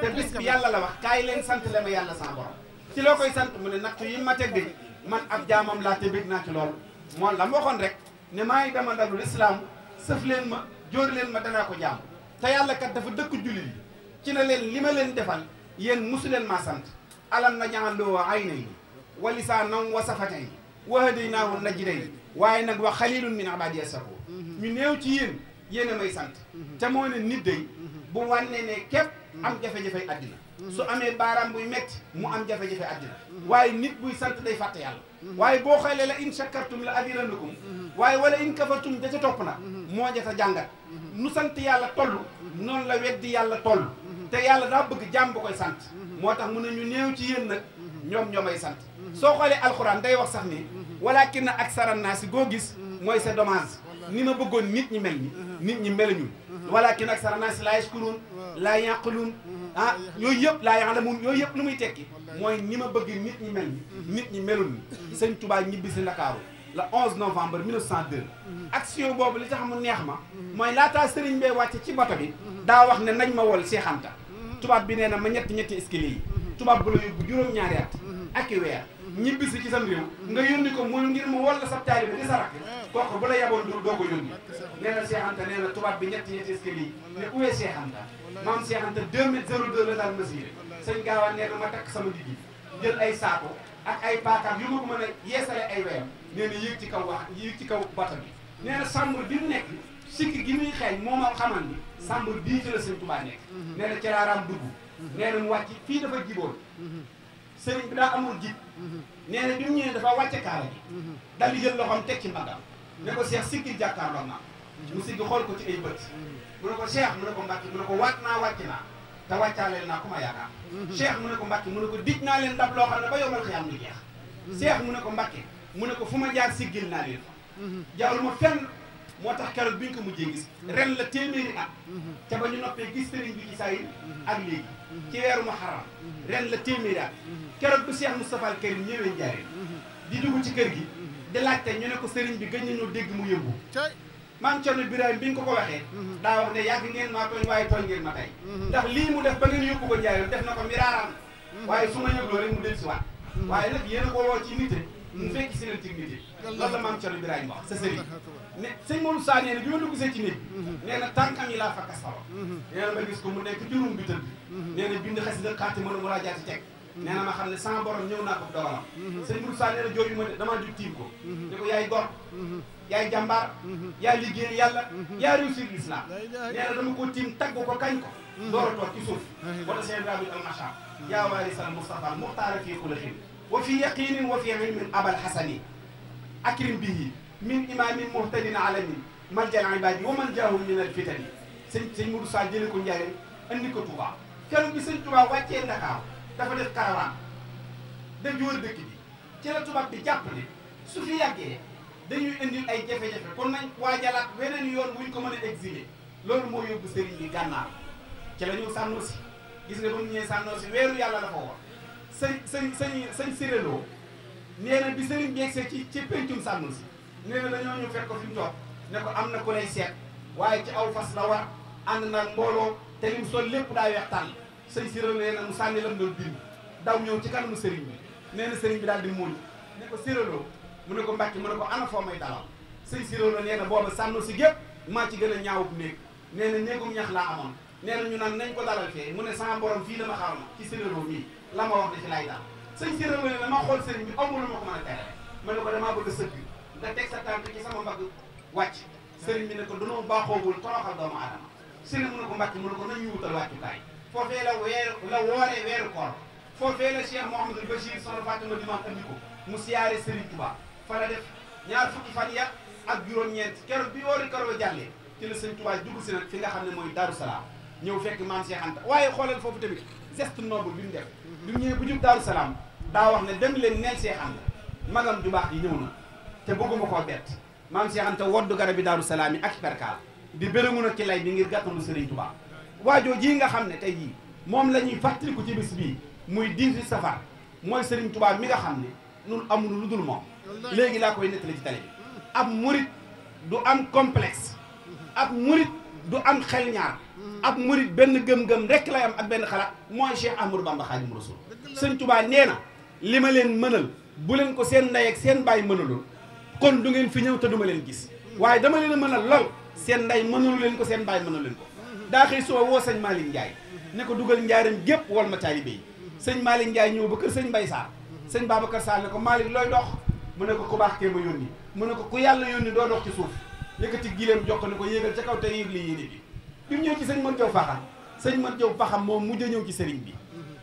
te bis bi yàlla la wax kaay leen sant leen ma yàlla sama borom ci loo koy sant mu ne nattu yi ma teg de man ab jaamam laa te bég naa ci loolu moom la ma waxoon rek ne maa ngi dama ndalu lislaam sëf leen ma jóor leen ma danaa ko jaam te yàlla kat dafa dëkk jullit ci na leen li ma leen defal yéen mosu leen maa sant alam naj'al lahu aynayni wa lisaanan wa shafatayni wa hadaynaahu najdayni waaye nag wa xalilun min ibaadiya shakuur ñu néew ci yéen yéen a may sant te moo ne nit day bu wànnee ne képp am jafe-jafe àddina su amee baaraam buy metti mu am jafe-jafe àddina waaye nit buy sant day fàtte yàlla waaye boo xoolee la in shakartum la azidannakum waaye wala in kafartum da ca topp na moo jata jàngat nu sant yàlla toll noonu la weddi yàlla toll te yàlla daa bëgg jàmm ba koy sant moo tax mun nañu néew ci yéen nag ñoom ñoo may sant soo xoolee alxuraan day wax sax ni walakin ak saran naa si goo gis mooy c'est dommage ni ma bëggoon nit ñi mel ni nit ñi meluñu walakin ak saran naa si laa yaskuruun laa yaquluun ah yooyu yëpp laa yaalamuun yooyu yëpp lu muy tekki mooy ni ma bëgg nit ñi mel ni nit ñi melul ni sëñ ñibbi si Ndakaaru le 11 novembre 1902 action boobu li tax mu neex ma mooy laataa sëriñ bee wàcce ci bato bi daa wax ne nañ ma wol seexanta tubaab bi nee na ma ñetti ñetti escalier yi tubaab bu la yóbbu juróom-ñaari at ak i weer ñibbisi ci sam réew nga yónni ko mu ngir mu wol la sa taalibe di sa rakk kooku bu la yaboon du doo ko yónni nee na seexanta nee na tubaab bi ñetti ñetti escalier yi ne uwee seexanta maam seexanta 2 mètres 02 la daan mesure sëñ gaawaan nee na ma takk sama diggi jël ay saako ak ay paakaam yu ma ko mën a yeesale ay weyam nee na yéeg ci kaw wax yéeg ci kaw bata bi nee na sàmbur bi mu nekk sikk gi muy xeeñ a xaman ni sàmbur bii ci la sëñ Tuubaa nekk mhm. nee na ci raaraam dugg mhm. nee na mu wàcc fii dafa jiboon mhm. sëriñ bi daa amul jib nee na bi mu ñëwee dafa wàcce kaala bi dal di jël loxoom teg ci mbaggam ne ko seex sikki jàkkaarloo naa mu siggi xool ko ci ay bët mu ne ko cheikh mu ne ko mbàkki mu ne ko waat naa wàcc naa naa ku ma yaakaar cheikh mu ne ko mbàkki mu ne ko dij naa leen dab loo xam ne ba yombal xiyam du mu ne ko mbàkki mu ne ko fu ma jaar siggil naa leen jaawul ma fenn moo tax keroog bi ko mujjee gis ren la téeméeri at ca ba ñu noppee gis sëriñ bi ci saa ak léegi ci weeru ma xaram ren la téeméeri at keroog bu Cheikh Moustapha Al Karim ñëwee njaareen di dugg ci kër gi di laajte ñu ne ko sëriñ bi gën nañoo dégg mu yëngu man Cerno Birahim bi ñu ko ko waxee daa wax ne yàgg ngeen maa tooñ waaye tooñ ngeen ma tey ndax lii mu def ba ngeen yóbbu ko njaareen def na ko miraaraan mhm. waaye su ma yëgloo rek mu del si waat mhm. waaye nag yéen a ko woo ci nite fekk si leen ci nit yi loolu la maam Thierno Birahim wax sa sëriñ ne sëñ Modou Sa nee na bi ma dugg see ci nit nee na tànkam yi laa fa kasaro nee na ma gis ko mu nekk juróom bi tëdd nee na bind xasida xaati mën a war a jaati teg nee na ma xam ne sama borom ñëw naa ko dogalam sëñ Modou Sa nee na jooju ma ne damaa jug tiim ko ne ko yaay gor yaay jàmbaar yaay liggéey yàlla yaa réussir l'islam nee na dama ko tiim tagg ko kañ ko door a toog ci suuf wala seen rabil al macha yaa waari sal Moustapha muxtaara fii xulaxin وفي يقين وفي علم أبا الحسن أكرم به من إمام مهتد عالم ملجا العباد ومن جاهم من الفتن سيدي مرسى جيلك جاهل أنك توبا كانوا بسن توبا واتي النكا دفن الكاروان دم جور دكي كلا توبا بجابل سوفيا جي دم يندل أي جفة جفة كنا واجالا وين نيون وين كمان الإكزيلي لون مو يوب سيرين لغانا كلا نيو سانوسي gis nga bu ñu ñëwee sànnoo si weeru yàlla la ko wax sëñ sëñ sëñ sëñ siréloo nee na bi sëriñ bi yegsee ci ci péncum sàmm si nee na ñoo ñu fekko ko fi ne ko am na ku lay seet waaye ci aw fas la war ànd nag mbooloo te lim sol lépp daa weex tàll sëñ siréloo nee na mu sànni la doon bind daw ñëw ci kanamu sëriñ bi nee na sëriñ bi daal di muñ ne ko siréloo mu ne ko mbàcc mu ne ko ana foo may dalal sëñ siréloo nee na booba sàmm si gépp maa ci gën a ñaawub néeg nee na néegum ñax laa amoon nee na ñu naan nañ ko dalal fee mu ne sama borom fii dama xaram ci siréloo mii la ma wax da ci lay daal sëñ Siré ma ne la ma xool sëriñ bi amul lu ma ko mën a tere ma ne ko damaa bëgg a sëgg nga teg sa tànk ci sama mbagg wàcc sëriñ bi ne ko danoo baaxoowul toroxal doomu aadama sëriñ mu ne ko mbàkk mu ne ko nañu wutal wàccukaay foofee la weer la wooree weeru koor foofee la Cheikh Mouhamadou Bachir soxna Fatima di maam andi ko mu siyaare Serigne Touba fa la def ñaar fukki fan ya ak juróom-ñeent keroog bi woori keroog jàllee ci la Serigne Touba dugg si nag fi nga xam ne mooy Darou Salaam ñëw fekk maam Cheikh Anta waaye xoolal foofu tamit geste noble bi mu def bi ñëwee bu jub daaru salaam daa wax ne dem leen neel Seex Anta magam ju baax yi ñëw te bëgguma koo bett maam Seex Anta woddu garab yi daaru salaam yi ak perkaal di bërëngu nag ci lay bi ngir gàttalu Sëriñ Tuubaa waajoo jii nga xam ne tey jii moom la ñuy ko ci bis bii muy 18 safar mooy Sëriñ tubaab mi nga xam ne nun amul lu dul moom léegi laa koy nettali ci tali bi ab murit du am complexe ab murit du am xel ñaar ab murit benn gëm-gëm rek lay am ak benn xalaat mooy Cheikh Ahmadou Bamba Xaadimu Rasuul sëñ tubaa nee na li ma leen mënal bu leen ko seen ndey ak seen baay mënalul kon du ngeen fi ñëw te duma leen gis waaye dama leen a mënal lool seen ndey mënalu leen ko seen baay mënalu leen ko daa xëy soo woo sëñ Malick Ndiaye ne ko dugal njaaram gépp wal ma taalibe yi sëñ Malick Ndiaye ñëw ba kër sëñ mbay Sarr sëñ Babacar Sarr ne ko Malick looy dox mu ne ko ku baax kee ma yónni mu ne ko ku yàlla yónni doo dox ci suuf yëkkati gileem jox ko ne ko yéegal ca kaw te yëgle yéene bi bi mu ñëw ci sëñ mën jaw faxam sëñ mën jaw xam moom mujj a ñëw ci sëriñ bi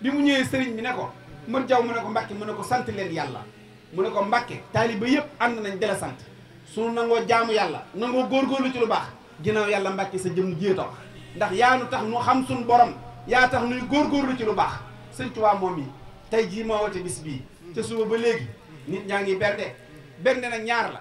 bi mu ñëwee sëriñ bi ne ko mën jaw mu ne ko mbakke mu ne ko sant leen yàlla mu ne ko mbàkke taaliba yëpp ànd nañ dela sant suñu nangoo jaamu yàlla nangoo góorgóorlu ci lu baax ginnaaw yàlla mbàkke sa jëm jée tax ndax yaa nu tax nu xam suñu borom yaa tax nuy góorgóorlu ci lu baax sëñ Tuubaa moom yi tey jii moo woote bis bii suba ba léegi nit ñaa ngi bernde bernde nag ñaar la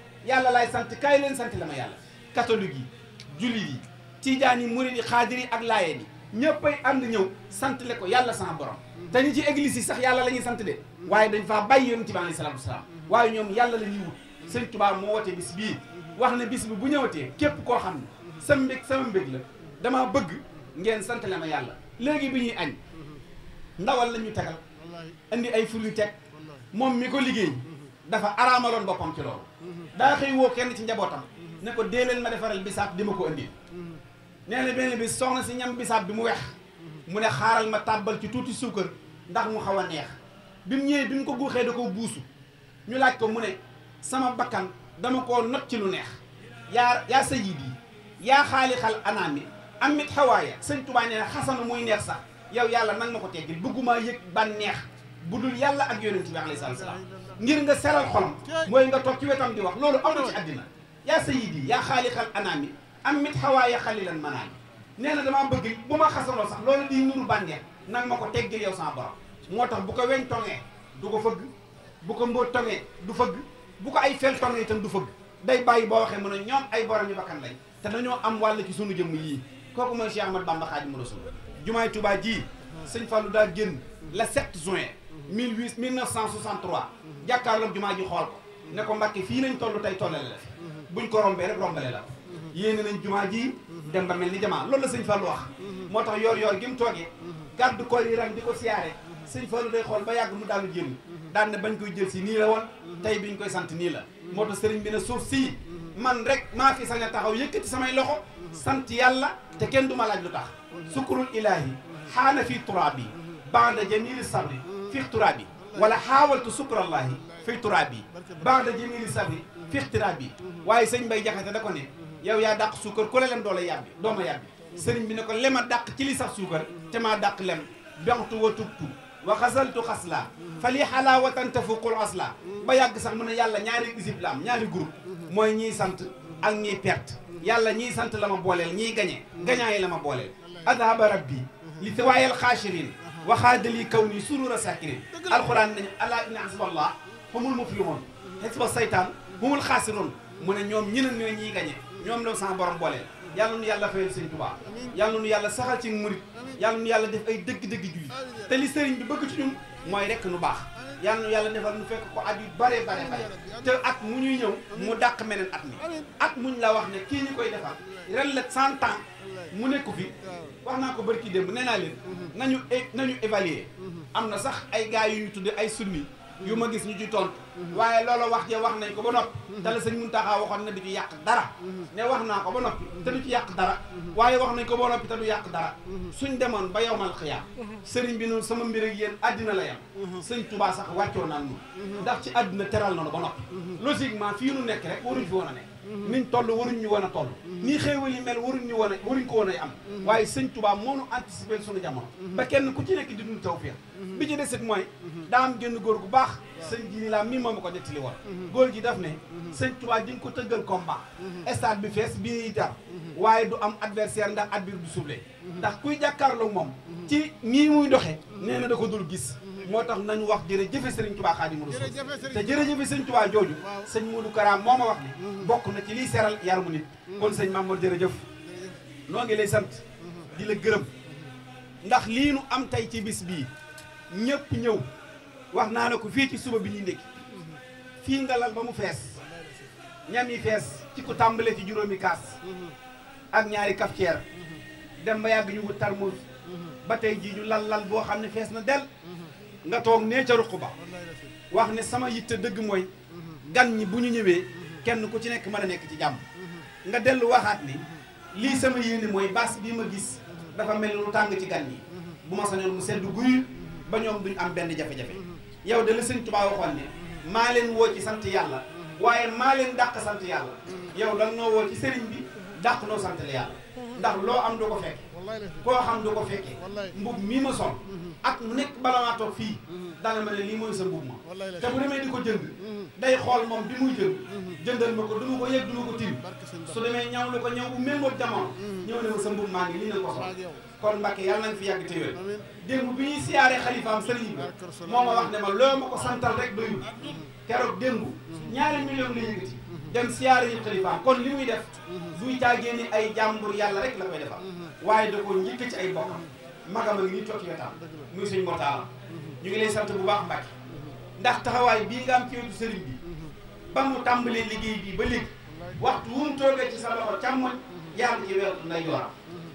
yàlla laay sant kaay leen sant la ma yàlla catholique yi jullit yi tijaan yi murid yi xaadir yi ak laayeen yi ñëppay ànd ñëw sant le ko yàlla sama borom te ñu ci église yi sax yàlla lañuy sant de waaye dañ faa bàyyi yonent bi alayhi salaatu wasalaam waaye ñoom yàlla la ñuy wut sëñ Tuubaa moo wote bis bii wax ne bis bi bu ñëwatee képp koo xam ne sa mbég sama mbég la dama bëgg ngeen sant le ma yàlla léegi bi ñuy añ ndawal la ñu tegal indi ay fur yu teg moom mi ko liggéey dafa araamaloon boppam ci loolu daa xëy woo kenn ci njabootam ne ko dee leen ma defaral bisaab di ma ko indi nee na benn bi soxna si ñam bisaab bi mu wex mu ne xaaral ma tàbbal ci tuuti suukar ndax mu xaw a neex bi mu ñëwee bi mu ko guuxee da ko guusu ñu laaj ko mu ne sama bakkan dama ko not ci lu neex yaa yaa sayid yi yaa xaalixal anaami amit xawaaya sëñ Tuubaa nee na xasanu muy neex sax yow yàlla nang ma ko teggil bëggumaa yëg ban neex bu dul yàlla ak yonent bi alayhi salaatu salaam ngir nga seral xolam mooy nga toog ci wetam di wax loolu amul ci àddina yaa sayyidi yaa xaaliqal anaami am mit xawaaya xalilan manaami nee na damaa bëgg bu ma xasaloo sax loolu di nuru bànneex nag ma ko teggil yow sama borom moo tax bu ko weñ tongee du ko fëgg bu ko mbóot tongee du fëgg bu ko ay fel tongee itam du fëgg day bàyyi boo waxee mën a ñoom ay borom ñu bakkan lañ te dañoo am wàll ci sunu jëmm yii kooku mooy Cheikh Ahmad Bamba Xaadimu Rasul jumaay Tuubaa ji sëñ Fallou daa génn la 7 juin mille huit mille neuf cent soixante trois jàkkaarloog jumaa ji xool ko ne ko Mbàkke fii lañ toll tey tollale la buñ ko rombee rek rombale la yéene nañ jumaa ji dem ba mel ni jamaa loolu la sëñ Fallu wax moo tax yoor yoor gi mu toogee gàddu koor yi ram di ko siyaare sëñ Fallu day xool ba yàgg mu daalu jënd daan ne bañ koy jël si nii la woon tey biñ koy sant nii la moo tax sëriñ bi ne suuf si man rek maa fi sañ a taxaw yëkkati samay loxo sant yàlla te kenn du ma laaj lu tax sukkurul ilaahi xaana fii turaabi banda jamili sabri في اقترابي ولا حاولت شكر الله في اقترابي بعد جميل سبي في اقترابي waaye sëñ Mbaye Jaxate da ko ne yow yaa dàq suukar ku la lem doo la yàbbi doo ma yàbbi sëriñ bi ne ko lema dàq ci li sax suukar te maa dàq lem bentu wa tubtu wa xasaltu xasla fa li xalaawatan tafuqul asla ba yàgg sax mu ne yàlla ñaari isib la am ñaari groupe mooy ñiy sant ak ñiy perte yàlla ñiy sant la ma booleel ñiy gañe gañaa yi la ma booleel adhaba rabbi li tawaayal xaashirin وخاد لي كوني سرور ساكنين القران الا ان حسب الله هم المفلحون حسب الشيطان هم الخاسرون من نيوم ني نيو ني غاني نيوم لو سان بوروم بولين يالا نيو يالا فايل سيرن توبا يالا نيو يالا ساخال سي موريد يالا نيو يالا ديف اي دك دك جوي تلي سيرن بي بك تي نيوم موي رك نو باخ yàlla nu yàlla defal nu fekk ko ak yu baree bare bare te ak mu ñuy ñëw mu dàq meneen at mi at muñ la wax ne kii ñu koy defal ren la cent ans mu nekku fi wax naa ko bërki démb nee naa leen nañu nañu évaluer am na sax ay gars yu ñu tudde ay sunni yu ma gis ñu ci tontu waaye loola wax je wax nañ ko ba noppi te la sëñ a waxoon ne du ci yàq dara ne wax naa ko ba noppi te ci yàq dara waaye wax nañ ko ba noppi te du yàq dara suñ demoon ba yowmal xiyaam sëriñ bi noonu sama mbir ak yéen àddina la yam sëñ Tuubaa sax wàccoon naa ndax ci àddina teral na nu ba noppi logiquement fii nu nekk rek waruñ fi woon a nekk niñ toll waruñ ñu wan a toll nii xéewal yi mel waruñ ñu wan a ko wan a am mm-hmm. waaye sëñ Tuubaa moo nu anticipé sunu jamono mm-hmm. ba kenn ku ci nekk di dund tawfeex mm-hmm. bi ci desit mooy daa am génn góor gu baax sëñ ji laa mi moom ma ko nettali woon góor gi daf ne sëñ Tuubaa di ko tëggal combat stade bi fees bi ñuy dar waaye du am adversaire ndax at biir du suble ndax kuy jàkkaarloo moom ci nii muy doxe nee na da ko dul gis moo tax nañu wax jërëjëfe sëriñ Tuubaa Xaadimu Rasuul te jërëjëfe sëriñ Tuubaa jooju sëñ Moodu Karaam moo ma wax ni mm-hmm. bokk na ci liy seral yaramu nit mm-hmm. kon sëñ Mamoor jërëjëf mm-hmm. noo ngi lay sant di la gërëm ndax lii nu am tey ci bis bii ñëpp ñëw wax naa ne ko fii ci suba bi ñuy ndékki fii nga lal ba mu fees ñam yi fees ci ku tàmbale ci juróomi kaas ak ñaari cafetière dem ba yàgg ñu wut tarmuus ba tey jii ñu lal lal boo xam ne fees na del nga toog nee ca ruq ba wax ne sama yitte dëgg mooy gan ñi bu ñu ñëwee kenn ku ci nekk mën a nekk ci jàmm nga dellu waxaat ni lii sama yéen mooy baas bii ma gis dafa mel lu tàng ci gan ñi bu ma sañoon mu sedd guy ba ñoom duñ am benn jafe-jafe yow de la sëñ Tuubaa waxoon maa leen woo ci sant yàlla waaye maa leen dàq sant yàlla yow danga noo woo ci sëriñ bi dàq noo sant la yàlla ndax loo am du ko fekk koo xam du ko fekkee mbub mii ma sol mm-hmm. ak mu nekk bala maa fii mm-hmm. dana ma ne lii mooy sa mbub ma te bu demee di ko jënd mm-hmm. day xool moom bi muy jënd jëndal ma ko du ma ko yëg du ko tim su demee ñaw lu ko ñaw bu méngoog jamono ñëw ne ma sa mbub maa ngi lii na ko sol kon Mbacke yàlla nañ fi yàgg te wér démb bi ñuy siyaaree xalifaam sëriñ bi moo ma wax ne ma loo ma ko santal rek doyul keroog démb ñaari million la yëngati dem siyaare yi xalifaam kon li muy def duy caagee ni ay jàmbur yàlla rek la koy defal waaye da ko njëkk ci ay bokkam magam a ngi nii toog ci wetam muy sëñ mortaalam ñu ngi lay sant bu baax Mbacke ndax taxawaay bii nga am ci wetu sëriñ bi ba mu tàmbalee liggéey bii ba léegi waxtu wu mu toogee ci sa loxo càmmoñ yaa ngi ci wetu nday yoram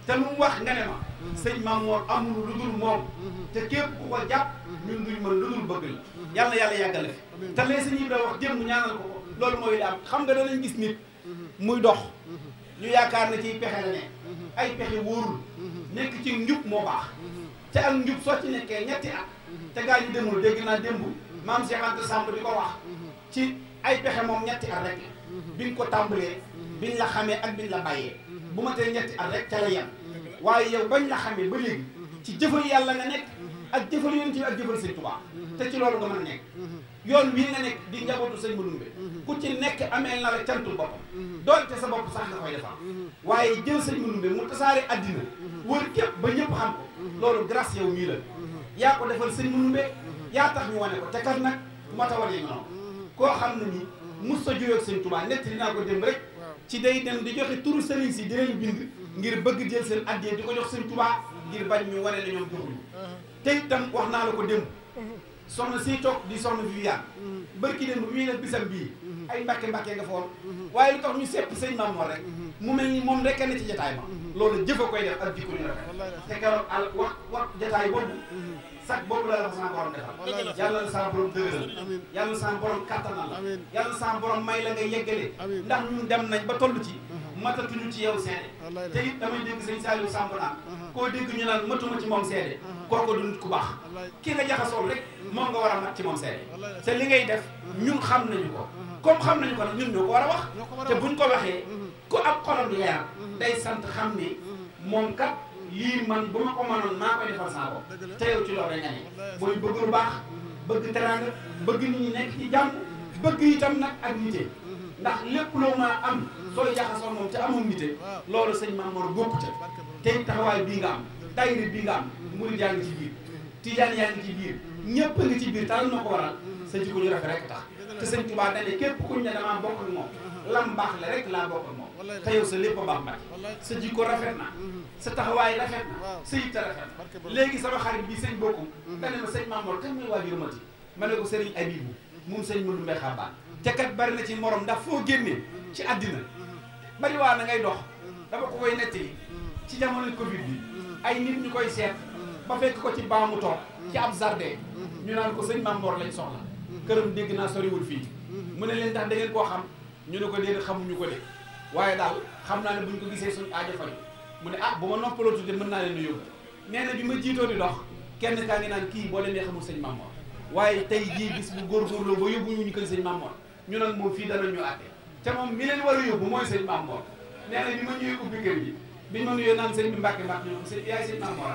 te lu mu wax nga ne ma sëñ Mamour amul lu dul moom te képp ku ko jàpp ñun duñ mën lu dul bëgg la yàlla yàlla yàggale fi te lay sëñ Ibra wax ko loolu mooy li am xam nga danañ gis nit muy dox ñu yaakaar na ciy pexe la ne ay pexe wóorul nekk ci njub moo baax te ak njub soo ci nekkee ñetti at te gaa ñu demul dégg naa démb maam Cheikh Anta Samb di ko wax ci ay pexe moom ñetti at rek biñ ko tàmbalee biñ la xamee ak biñ la bàyyee bu ma tee ñetti at rek ca la yem waaye yow bañ la xamee ba léegi ci jëfal yàlla nga nekk ak jëfal yonent ci ak jëfal Sëñ Tuubaa te ci loolu nga mën a nekk yoon wii nga nekk di njabootu sëñ Madoumbe ku ci nekk ameel na la cantul boppam doonte sa bopp sax nga koy defal waaye jël sëñ Madoumbe mu tasaare addina wër képp ba ñëpp xam ko loolu grâce yow mii la yaa ko defal sëñ Madoumbe yaa tax ñu wane ko te kat nag matawal yi noonu ko xam na nii mu sa juyoo ak sëñ nekk dinaa ko dem rek ci day dem di joxe turu sëriñ si di leen bind ngir bëgg jël seen addee di ko jox seen Tuubaa ngir ba ñu wane ne ñoom joxuñu te itam wax naa la ko soxna si toog di soxna Viviane bërki dem bu ñuy ne bisam bii mm-hmm. ay mbàkke mbàkke nga fa woon mm-hmm. waaye lu tax ñu sepp sëñ Maam Mor rek mm-hmm. mu mel moom rek a ne ci jataay ma loolu jëf a koy def ak jikko ñu rafet te keroog wax wax jataay boobu sax boobu la la sama borom defal yàlla la sama borom dëgëral yàlla la sama borom la yàlla la sama borom may la nga yeggale ndax ñun dem nañ ba toll ci matatuñu ci yow seede te it damay dégg sëñ Saliou Samb naan uh-huh. koo dégg ñu naan matuma ci moom seede uh-huh. kooku du nit ku baax ki nga jaxasool rek moom nga war a mat ci moom seede te li ngay def uh-huh. ñun xam nañu ko comme xam nañu ko nag ñu ñoo ko a wax te buñ ko waxee ku ab xolam leer day sant xam ni moom kat lii man bu ma ko mënoon maa koy defal saa bopp te yow ci loolu rek nga ne mooy bëgg lu baax bëgg teranga bëgg nit ñi nekk ci jàmm bëgg itam nag ak nite ndax lépp loo ma am sooy jaxasoo moom te amoon nite loolu sëñ Mamour bokk ca tey taxawaay bii nga am daayira bii nga am murid yaa ngi ci biir tijaan yaa ngi ci biir ñëpp ngi ci biir tal ma ko waral sa jikko ñu rafet rek tax te sëñ Tuubaa dane képp kuñ ne damaa bokk ak moom lam baax la rek laa bokk ak moom te yow sa lépp a baax mbàkk sa rafet na sa taxawaay rafet na sa yitte rafet na léegi sama xarit bi sëñ bokkum dane ma sëñ Mamour kan mooy waajur ma ci ma ne ko sëriñ Abibu moom sëñ Mudu a Xabaan te bari na ci moroom ndax foo génne ci àddina bari waa na ngay dox dama ko koy nettali ci jamono Covid bi ay nit ñu koy seet ba fekk ko ci baamu toog ci ab sarde ñu naan ko sëñ Mamboor lañ soxla këram dégg naa soriwul fii mu ne leen tax da ngeen koo xam ñu ne ko déedéet xamuñu ko de waaye daal xam naa ne buñ ko gisee suñ aajo fay mu ne ah bu ma noppaloo mën naa leen yóbbu nee na bi ma jiitoo di dox kenn kaa ngi naan kii boo demee xamul sëñ Mamboor waaye tey jii bis bu góorgóorloo ba yóbbu ñu ñu koy sëñ Mamboor ñu nag moom fii danañ ñu àtte ca moom mi leen war a yóbbu mooy sëñ Maam Mor nee na bi ma ñëwee ubbi kër gi biñ ma nuyoo naan sëñ bi Mbàkke Mbàkke ñoom sëñ yaay sëñ Maam Mor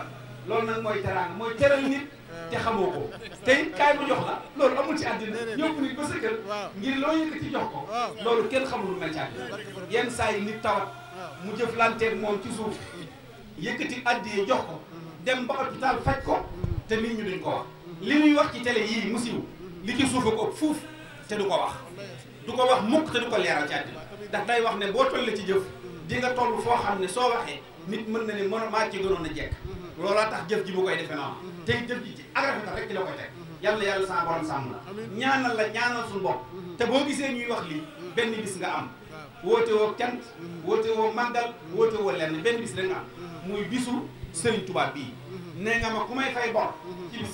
loolu nag mooy teraanga mooy teral nit te xamoo ko te it kaay mu jox la loolu amul ci àddina ñëw nit ba sa kër ngir loo yëkkati jox ko loolu kenn xamul mel ci àddina yenn saa yi nit tawat mu jëflanteeg moom ci suuf yëkkati addiye jox ko dem ba hôpital faj ko te nit ñu duñ ko li ñuy wax ci télé yii mu li ci suufa ko fuuf te du ko wax du ko wax mukk te du ko leeral ci àddina ndax day wax ne boo tollee ci jëf di nga toll foo xam ne soo waxee nit mën na ne mën maa ci gënoon a jekk loolaa tax jëf ji mu koy defe noonu tey jëf ji ci ak rafetal rek ci la koy teg yàlla yàlla sa borom sàmm la ñaanal la ñaanal suñu bopp te boo gisee ñuy wax lii benn bis nga am woote woo cant woote woo màggal woote woo lenn benn bis rek nga am muy bisu Serigne Touba bii nee nga ma ku may fay bor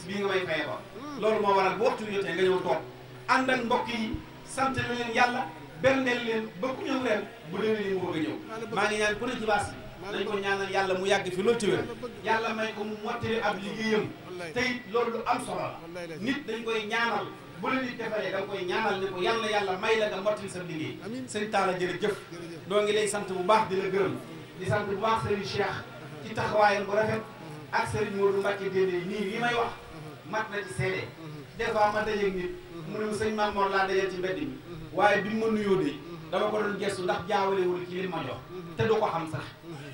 bii nga may fay bor loolu moo waral bu waxtu jotee nga ñëw toog ànd ak mbokk yi sant leen yàlla berndeel leen ba ku ñëw ren bu déwénee mu bëgg a ñëw maa ngi ñaan ku ne ci baas ko ñaanal yàlla mu yàgg fi loolu téwér yàlla may ko mu mottali ab liggéeyam tey loolu am solo la nit dañ koy ñaanal bu la defaree da nga koy ñaanal ne ko yàlla yàlla may la nga mottali sa liggéey sëñ Talla jërëjëf noo ngi lay sant bu baax di la gërëm di sant bu baax sëriñ Cheikh ci taxawaayam bu rafet ak sëriñ Modou Mbacke mat na ci seede des ma dajeeg mu ne sëñ Mame moom laa dajee ci mbedd mi waaye bi mu ma nuyoo de dama ko doon gestu ndax jaawalewul ci li ma jox te du ko xam sax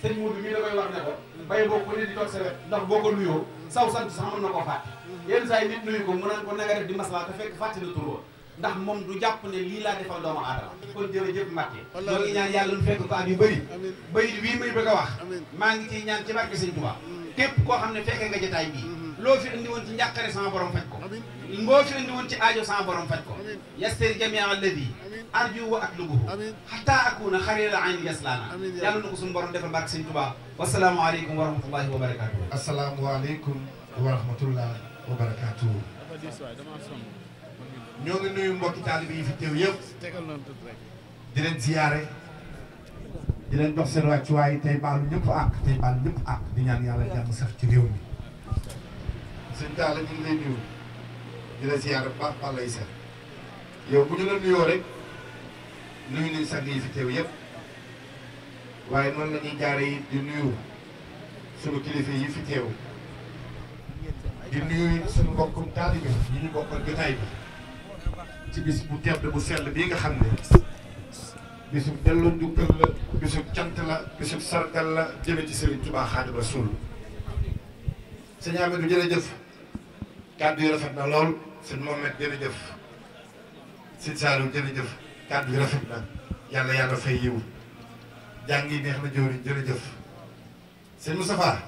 sëñ Modou mii da koy wax ne ko bay boo ko ne di toog sa ndax boo ko nuyoo saw sant sax mën na ko fàtte yenn saa yi nit nuyu ko mu ko na nga def di maslaa te fekk fàtte na turoo ndax moom du jàpp ne lii laa defal doomu aadama kon jërëjëf Mbacke moo ngi ñaan yàlla nu fekk ko at yu bëri bëri wii muy bëgg a wax maa ngi ciy ñaan ci barke sëñ Touba képp koo xam ne fekkee nga jotaay bii loo fi indi woon ci njàqare sama borom ngoo fi indi woon ci aajo sama borom faj ko yastir jamia alladi arju wa atlubuhu hatta akuna xarira ayn yaslaana yàlla na ko suñu borom defal barke sëñ Tuubaa wasalaamu aleykum wa rahmatullahi wa barakaatu asalaamu aleykum wa rahmatullahi wa barakaatu ñoo ngi nuyu mbokki taalibe yi fi teew yëpp di leen ziyaare di leen dox seen wàccuwaay tey baalu ñëpp àq tey baalu ñëpp àq di ñaan yàlla jàmm sax ci réew mi sëñ Talla ñu ngi lay nuyu di la ziyaara baax lay seet yow bu la nuyoo rek nuyu nañ sang yi fi teew la ñuy jaare di nuyu sunu kilifa yi fi teew di nuyu sunu mbokkum taalibe yi ñu bokkal jotaay bi ci bis bu tedd bu sell bii nga xam ne la cant la la ci Serigne Touba rafet na sëñ Mohamed jërëjëf sëñ Saalum jërëjëf kàddu bi rafet na yàlla yàlla fay yiw jàng yi neex na jëwriñ jërëjëf sëñ Moustapha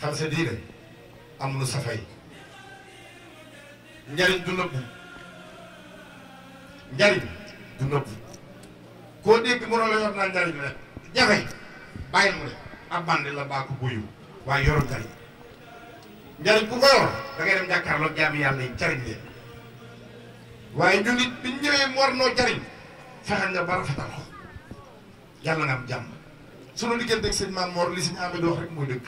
xam sa diine am lu safay njariñ du nëbbu njariñ du nëbbu koo dégg mënoo la yor naa njariñ rek jafe bàyyil mu ne ab la baa buyu waaye yorul njariñ njariñ ku ko yor da ngay dem jàkkaarloog jaami yàlla yi jariñ leen waaye jariñ fexe nga ba rafetal ko yàlla nga am jàmm sunu diggante ak sëñ Maam Mor li sëñ Amady wax rek moo dëgg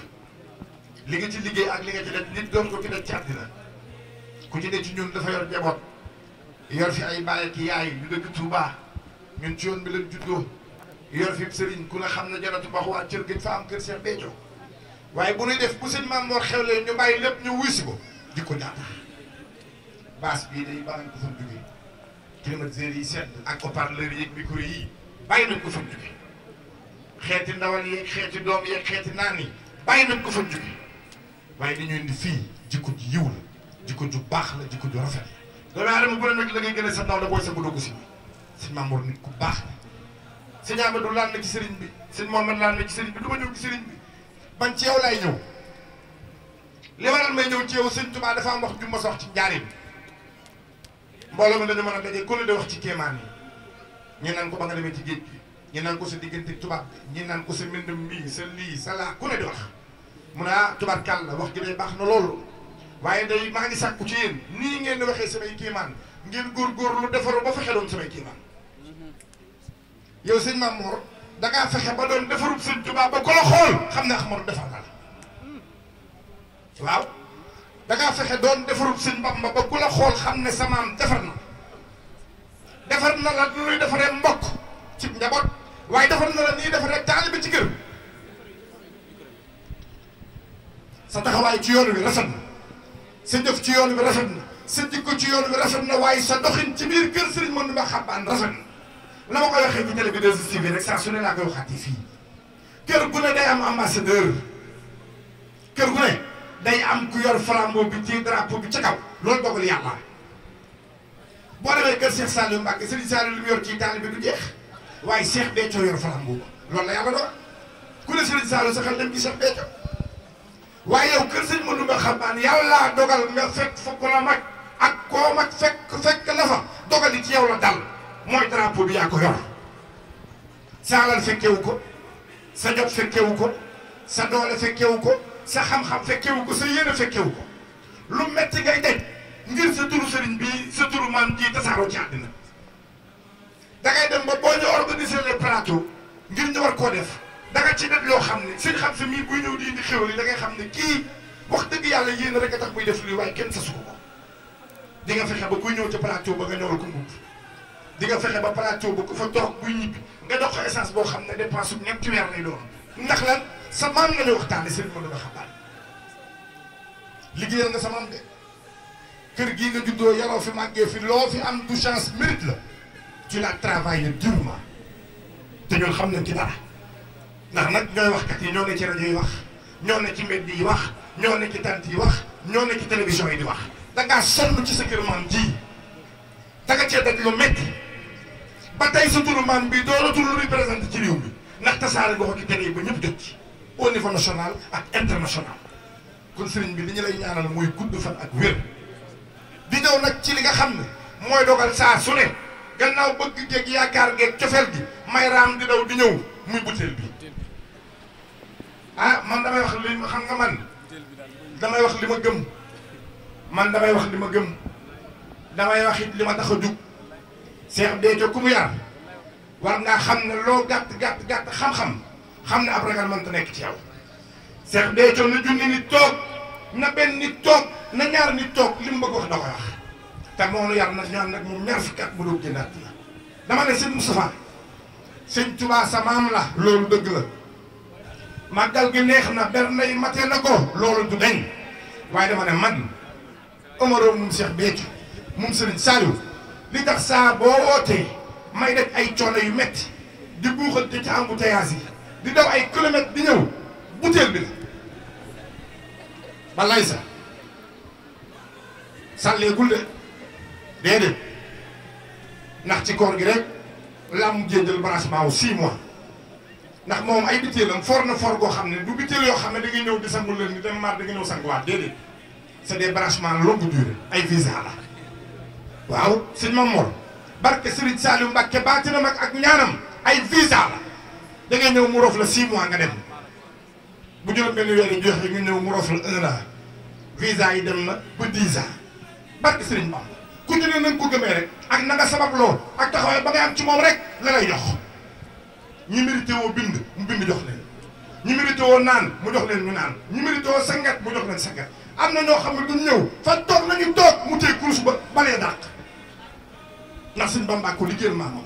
li nga ci liggéey ak li nga ci def nit doon ko fi def ci àddina ku ci ne ci ñun dafa yor njaboot yor fi ay baay ak yaay yu dëkk Touba ñun ci yoon bi lañ juddoo yor fi sëriñ ku ne xam ne jaratu mbax waa cër gëj fa am kër Cheikh Béthio waaye bu ñuy def bu sëñ Maam Mor xewlee ñu bàyyi lépp ñu wuy si ko di ko daata baas bii day bàyyi ko fa mu jógee climatiseurs yi sedd ak haut-parleurs yi micro yi bàyyi nañ ko fa mu jógee xeeti ndawal yeeg xeeti doom yeeg xeeti naan yi bàyyi nañ ko fa mu jógee waaye dañu fii jikko ji yiw la jikko ju baax la jikko ju rafet la doomu aadama bu ne nag la ngay gën a sa ndaw la booy sa bëdoogu si sëñ Mamour nit ku baax la sëñ Amadou laan na ci sëriñ bi sëñ Mohamed laan na ci sëriñ bi du ma ñëw ci sëriñ bi man ci yow laay ñëw li waral may ñëw ci yow sëñ Tuubaa dafa am wax ju ma sox ci njaarim mbooloo ma dañu mën a daje ku ne de wax ci kéemaan yi ñu naan ko ba nga demee ci géej gi ko sa diggante tubaab bi ñu naan ko sa mbindam mbii sa lii sa laa ku ne di wax mun a ah, tubaab kàll la wax gi day baax na loolu waaye day maa ngi sàkku ci yéen nii ngeen di waxee samay kéemaan ngeen góorgóorlu defaru ba fexe doon samay kéemaan yow sëñ Mamour da ngaa fexe ba doon defarub sëñ Tuubaa ba ko xam ne Axmadu defar na la waaw dangaa fexe doon defarul suñ Bamba ba ku la xool xam ne samaam defar na defar na la luy defaree mbokk ci njaboot waaye defar na la nii defaree taalibe ci kër sa taxawaay ci yoon bi rafet na sa jëf ci yoon bi rafet na sa jikko ci yoon bi rafet na waaye sa doxin ci biir kër sëriñ mën ba xabbaan rafet na la ma koy waxee ci télé bi 2STV rek saa su ne laa koy waxaati fii kër gu ne day am ambassadeur kër gu ne day am ku yor flambeau bi ci drapeau bi ci kaw loolu dogal yàlla bo demee kër Cheikh Saliou mbak Serigne Saliou lim yor ci taalibe bi du jeex way Cheikh Béthio yor flambeau loolu la yàlla do ku ne Serigne Saliou saxal dem ci Cheikh Béthio way yow kër sëñ mënu nga xamane yàlla dogal nga fek fa ku la mak ak ko mak fek fek la fa dogal ci yow la dal moy drapeau bi ya ko yor salal fekewuko sa jot fekewuko sa doole fekewuko sa xam-xam fekkewu ko sa yéene fekkewu ko lu metti ngay daj ngir sa turu sëriñ bi sa turu maam ji tasaaroo ci àddina da ngay dem ba boo ñu organiser les plateaux ngir ñu war koo def da nga ci def loo xam ne seen xam si mii buy ñëw di indi xéwal yi da ngay xam ne kii wax dëgg yàlla yéen rek a tax buy def lii waaye kenn sasu ko ko di nga fexe ba kuy ñëw ci plateau ba nga ñëwal ko mbubb di nga fexe ba plateau ba ku fa toog buy ñibbi nga dox ko essence boo xam ne dépense bu ñetti weer lay doon ndax lan sa maam nga lay waxtaane sëriñ ma nga xabaar liggéeyal nga sa maam de kër gii nga juddoo yaroo fi màggee fi loo fi am du chance mérite la tu la travaillé durement te ñun xam nañ ci dara ndax nag ñooy waxkat yi ñoo ne ci rajo yi wax ñoo ne ci mbedd yi wax ñoo ne ci tant yi wax ñoo ne ci télévision yi di wax da ngaa sonn ci sa kër maam ji da nga cee daj lu métti ba tey sa turu maam bi doo la turu représenté ci réew mi ndax tasaare nga ko ci télé ba ñëpp jot ci. au niveau national ak international kon sëriñ bi li ñu lay ñaanal mooy gudd fan ak wér di ñëw nag ci li nga xam ne mooy dogal saa su ne gannaaw bëgg géeg yaakaar geeg cofeel gi may raam di daw di ñëw muy butéel bi ah man damay wax li ma xam nga man damay wax li ma gëm man damay wax li ma gëm damay wax it li ma tax a jug Cheikh Béthio ku mu yar war ngaa xam ne loo gàtt gàtt gàtt xam-xam xam ne ab ragal mënta nekk ci yow Cheikh Béthio na junni nit toog na benn nit toog na ñaar nit toog li mu bëgg wax da koy wax te moonu yar nag ñaan nag moom ñaar fukki at bu dóog jëndaat la dama ne sëñ Moustapha sëñ Touba sa maam la loolu dëgg la màggal gi neex na ber nay mate na ko loolu du dañ waaye dama ne man Omaro moom Cheikh Béthio moom Serigne Saliou li tax saa boo wootee may def ay coono yu metti di buuxante ci embouteillage yi di daw ay kilomètres di ñëw butéel bi la ba lay sa sàlleegul de déedéet ndax ci koor gi rek la am jëndal branchement wu ndax moom ay bitéelam foor na foor goo xam ne du bitéel yoo xam ne da ngay ñëw di sangu leen ni dem maar da nga ñëw sanguwaat déedéet c'est des branchements longue durée ay visa la waaw sëñ Mamor barke Serigne Saliou Mbacke baatinam ak ñaanam ay visa la. da ngay ñëw mu roof la 6 mois nga dem bu juróom benn weer yi joxe nga ñëw mu roof la 1 visa yi dem na ba 10 ans barke sëriñ Bamba ku ci ne na ko gëmee rek ak na nga sabab loo ak taxawaay ba nga am ci moom rek la lay jox ñi mérité woo bind mu bind jox leen ñi mérité woo naan mu jox leen ñu naan ñi mérité woo sangat mu jox leen sangat am na ñoo xam ne duñ ñëw fa toog nañu toog mu téye kurus ba balee dàq ndax sëriñ Bamba ko liggéeyal maamam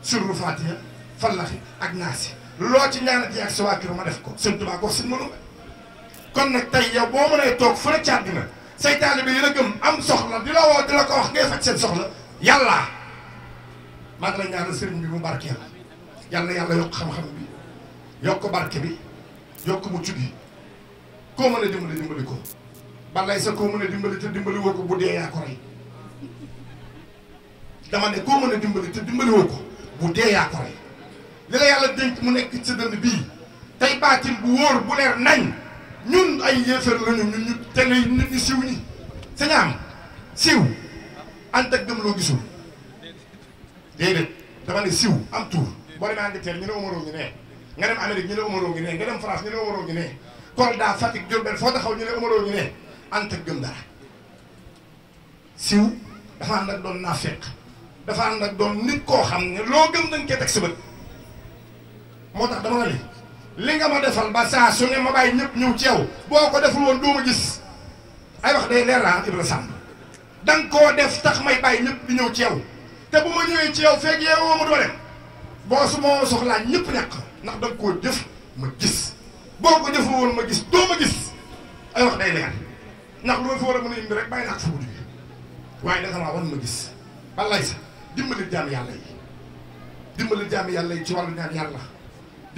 surlu Fatiha fallaxi ak naasi loo ci ñaanati yi ak sa waajur ma def ko sëñ Tuubaa ko sëñ Manoumbe kon nag tey yow boo mënee toog fu ne ci àddina say taalibe yi gëm am soxla di la woo di la ko wax ngay faj seen soxla yàlla maa ngi lay ñaanal sëriñ bi mu barkeel yàlla yàlla yokk xam-xam bi yokk barke bi yokk mucc bi koo mën a dimbali dimbali ko balay sa koo mën a dimbali te dimbali woo ko bu dee yaa ko rey dama ne koo mën dimbali te dimbali ko bu dee yaa ko li la yàlla dénk mu nekk ci dënn bii tey baatin bu wóor bu leer nañ ñun ay yéefar lañu ñu te nit ñu siw ñi sañaam siw ànd ak gëm loo gisul déedéet dama ne siw am tur boo demee Angleterre ñu ne Omaro ngi ne nga dem Amérique ñu ne Omaro ngi ne nga dem France ñu ne Omaro ngi ne Kolda Fatick Diourbel foo taxaw ñu ne Omaro ngi ne ànd ak gëm dara siw dafa ànd ak doon naafeq dafa ànd ak doon nit koo xam ne loo gëm dañ koy teg sa moo tax dama la li li nga ma defal ba saa su ne ma bàyyi ñëpp ñëw ceew boo ko deful woon doo ma gis ay wax day leer laa Ibra Samb da koo def tax may bàyyi ñëpp di ñëw ci te bu ma ñëwee ci yow feeg yeewoo ma doole boo su ma soxlaa ñëpp nekk ndax da nga koo jëf ma gis boo ko jëful woon ma gis doo ma gis ay wax day leer ndax lu ma fi war a mën a indi naa ko fa guddi waaye da nga maa war ma gis balay sa dimbali jaami yàlla yi dimbali jaami yàlla yi ci wàllu ñaan yàlla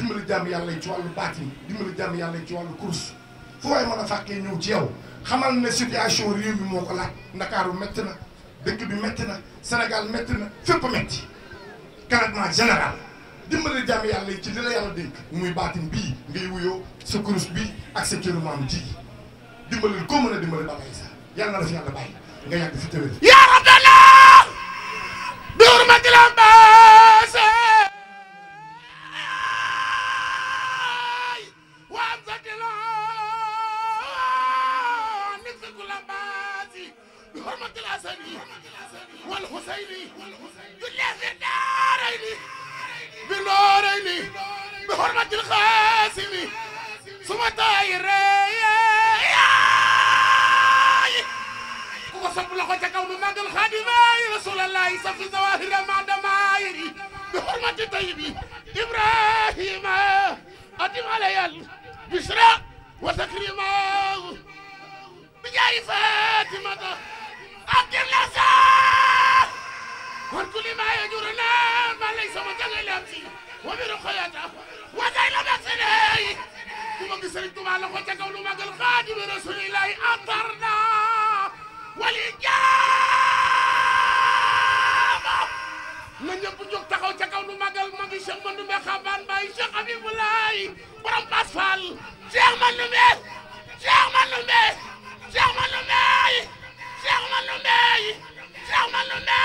dimbali jàmm yàlla yi ci wàllu baatin dimbali jàmm yàlla yi ci wàllu course fu waay mën a fàkkee ñëw ci yow xamal ne situation réew mi moo ko laaj ndakaaru métti na dëkk bi métti na senegal metti na fépp métti carrément général dimbali jàmm yàlla yi ci li la yàlla dénk muy baatin bii ngay wuyoo sa course bi ak sa cëru maam ji dimbali koo mën a dimbali ba lay sax yàlla na fi yàlla bàyyi nga yàgg fi tëwér yaa rabbana duur ma بالدارين بالنورين بحرمة القاسم ثم طاير وصب لك كون مد الخادم رسول الله صفي ظواهر مع دمائري بحرمة طيبي إبراهيم أتم علي بشرى وتكريما بجاه فاتمة أكرم لسان وكل ما يجرنا ما ليس مجال لامسي وبرقيته وزين مسلي ومن سلمت مع لقوتك ولما قال خادم رسول الله أطرنا والإجابة na ñëpp jóg taxaw ca kaw nu magal ma ngi Cheikh Mandou Mbe Xabaan Baye Cheikh Habibou Laye borom Bass Fall Cheikh Mandou Mbe Cheikh Mandou Mbe Cheikh Mandou Mbe Cheikh Mandou Mbe Cheikh Mandou Mbe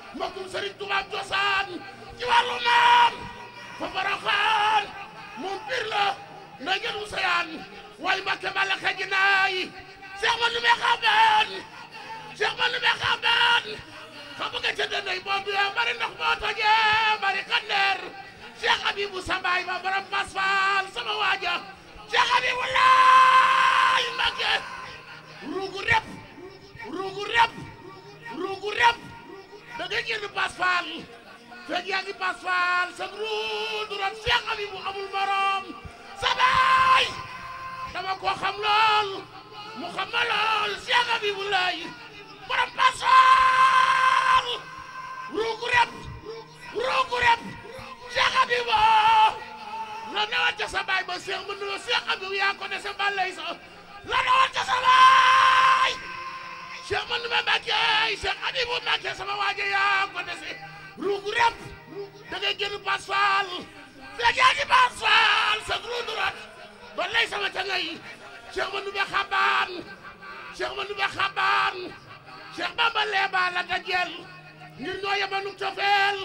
makum Serigne Touba cosaan ci wàllu maam fa baraxaan moom pir la nda ngeen wusayaan way Mbàkke mala xaji naay Cheikh ma lumee xaabaan Cheikh ma lumee xaabaan xam nga ca dënday boobu yaa bari ndox moo tojee bari xandeer Cheikh Habibou Sambaay ma borom Masfal sama Cheikh Habibou rep ruugu rep ruugu rep da ngay génn Bass Fall fekk yaa ngi Bass Fall sa ruur du doon Cheikh Habibou amul morom sa baay dama koo xam lool mu xam ma lool Cheikh Habibou lay borom Bass Fall ruugu rep ruugu rep Cheikh Habibou la newoon ca sa baay ba Cheikh mën na la Cheikh yaa ko ne sa bàllay sa la newoon ca sa baay Cheikh Mandoumbé Mbacké Cheikh Abibou Mbacké sama waaje yaa ko dese ruug rep da ngay génn Baas fekk yaa ngi Baas sa groupe droit ba lay sama cangay Cheikh Mandoumbé xabaan Cheikh Mandoumbé xabaan Cheikh Bamba leeba la dajeel ngir ñoo yemanu cofeel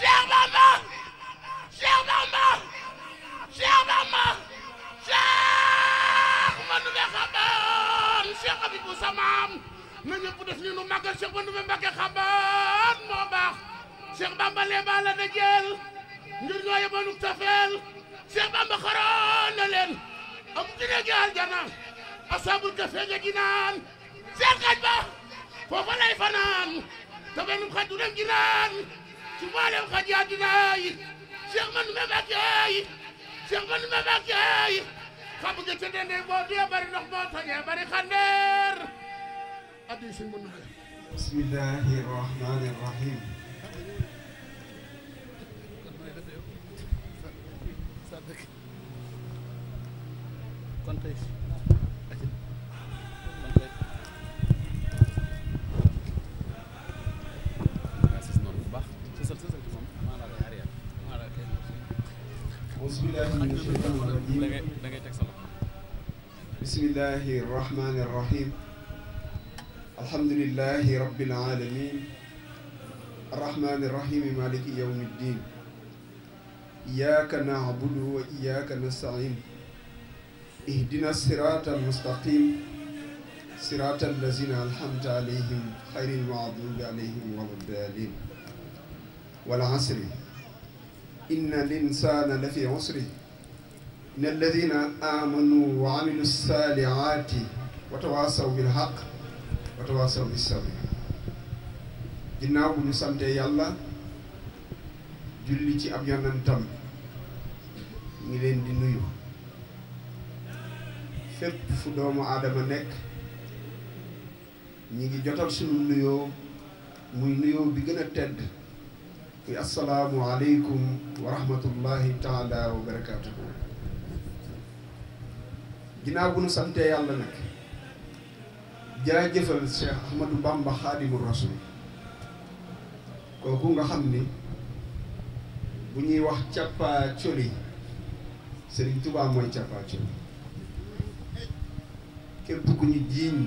Cheikh Bamba Cheikh Bamba Cheikh Bamba Cheikh Mandoumbé xabaan Cheikh Abibou samaam na ñëpp def ni nu màggal Cheikh ba Ndoumbe Mbacke xambaat moo baax Cheikh Bamba lee baa la dajeel ngir ñoo yebanu tafeel Cheikh Bamba xaroon na leen am dina gi aljana asaabul ka feeña gi naan seen xaj ba foofa lay fanaan te benn xaj du dem gi naan ci mboolem xaj yaa dinaa yi Cheikh ba Ndoumbe Mbacke yi Cheikh ba Ndoumbe Mbacke yi xam nga ca dende boo dee bari ndox moo bari xandeer بسم الله الرحمن الرحيم بسم الله الرحمن الرحيم الحمد لله رب العالمين الرحمن الرحيم مالك يوم الدين إياك نعبد وإياك نستعين اهدنا الصراط المستقيم صراط الذين أنعمت عليهم خير المغضوب عليهم ولا الضالين والعصر إن الإنسان لفي عسر إن الذين آمنوا وعملوا الصالحات وتواصوا بالحق watawaasaw bi sabr bu ñu santee yàlla julli ci ab yonentam ngi leen di nuyu fépp fu doomu aadama nekk ñi ngi jotal suñu nuyoo muy nuyoo bi gën a tedd muy assalaamu aleykum wa rahmatullahi wa barakaatuhu ginnaaw bu ñu santee yàlla nag jaajëfal Cheikh Ahmadou Bamba Xaadimu Rasul kooku nga xam ni bu ñuy wax càppaa coli Sëriñ Tuubaa mooy càppaa coli képp ku ñu jiiñ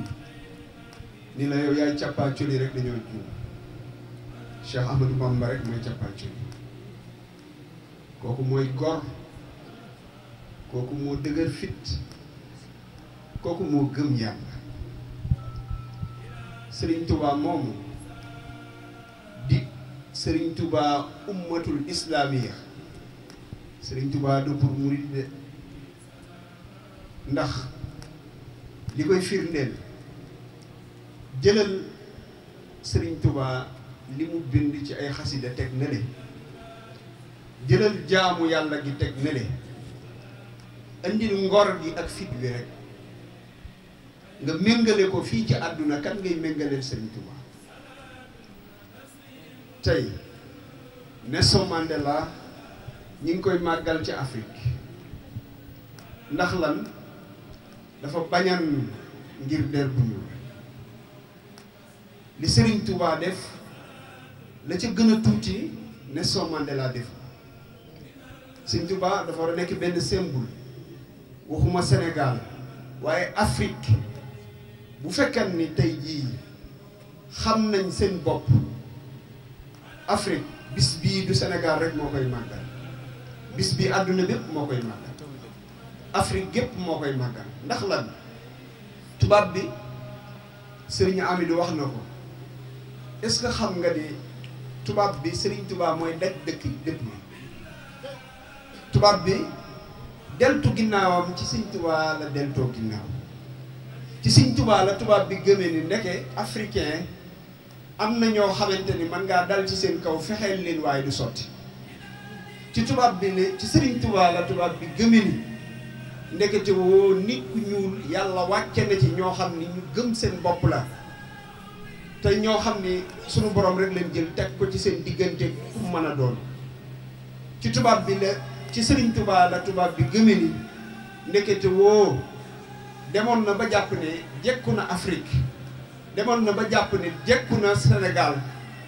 ni la yow yaay càppaa coli rek dañoo jiiñ Cheikh Ahmadou Bamba rek mooy càppaa coli kooku mooy gor kooku moo dëgër fit kooku moo gëm yàlla sëriñ Touba moomu di sëriñ Touba ummatul islaamiya sëriñ Touba du pour murid de ndax li koy firndeel jëlal sëriñ Touba li mu bind ci ay xasida teg na le jëlal jaamu yàlla gi teg na le andil ngor gi ak fit bi rek nga méngale ko fii ci àdduna kan ngay méngaleel Sëriñ Tuubaa tey Nelson Mandela ñi ngi koy màggal ci Afrique ndax lan dafa bañan ngir der bu ñuul li Sëriñ Tuubaa def la ca gën a tuuti Nelson Mandela def Sëriñ Tuubaa dafa nekk benn symbole waxuma Sénégal waaye Afrique bu fekkee ni tey jii xam nañ seen bopp Afrique bis bii du Sénégal rek moo koy màggal bis bii àdduna bépp moo koy màggal Afrique gépp moo koy màggal ndax lan tubaab bi sëriñ Amidou wax na ko est-ce que xam nga ni tubaab bi sëriñ tubaa mooy daj dëkk dëpp ni tubaab bi deltu ginnaawam ci sëriñ tubaab la deltoo ginnaaw ci Sëñ Tuubaa la tubaab bi gëmee ni ndeke africain am na ñoo xamante ni man ngaa dal ci seen kaw fexeel leen waaye du sotti ci tubaab bi ne ci Sëriñ Tuubaa la tubaab bi gëmee ni ndekete woo nit ku ñuul yàlla wàcce na ci ñoo xam ni ñu gëm seen bopp la te ñoo xam ni sunu borom rek leen jël teg ko ci seen diggante ku mën a doon ci tubaab bi la ci Sëriñ Tuubaa la tubaab bi gëmee ni ndekete woo demoon na ba jàpp ne jekku na Afrique demoon na ba jàpp ne jekku na senegal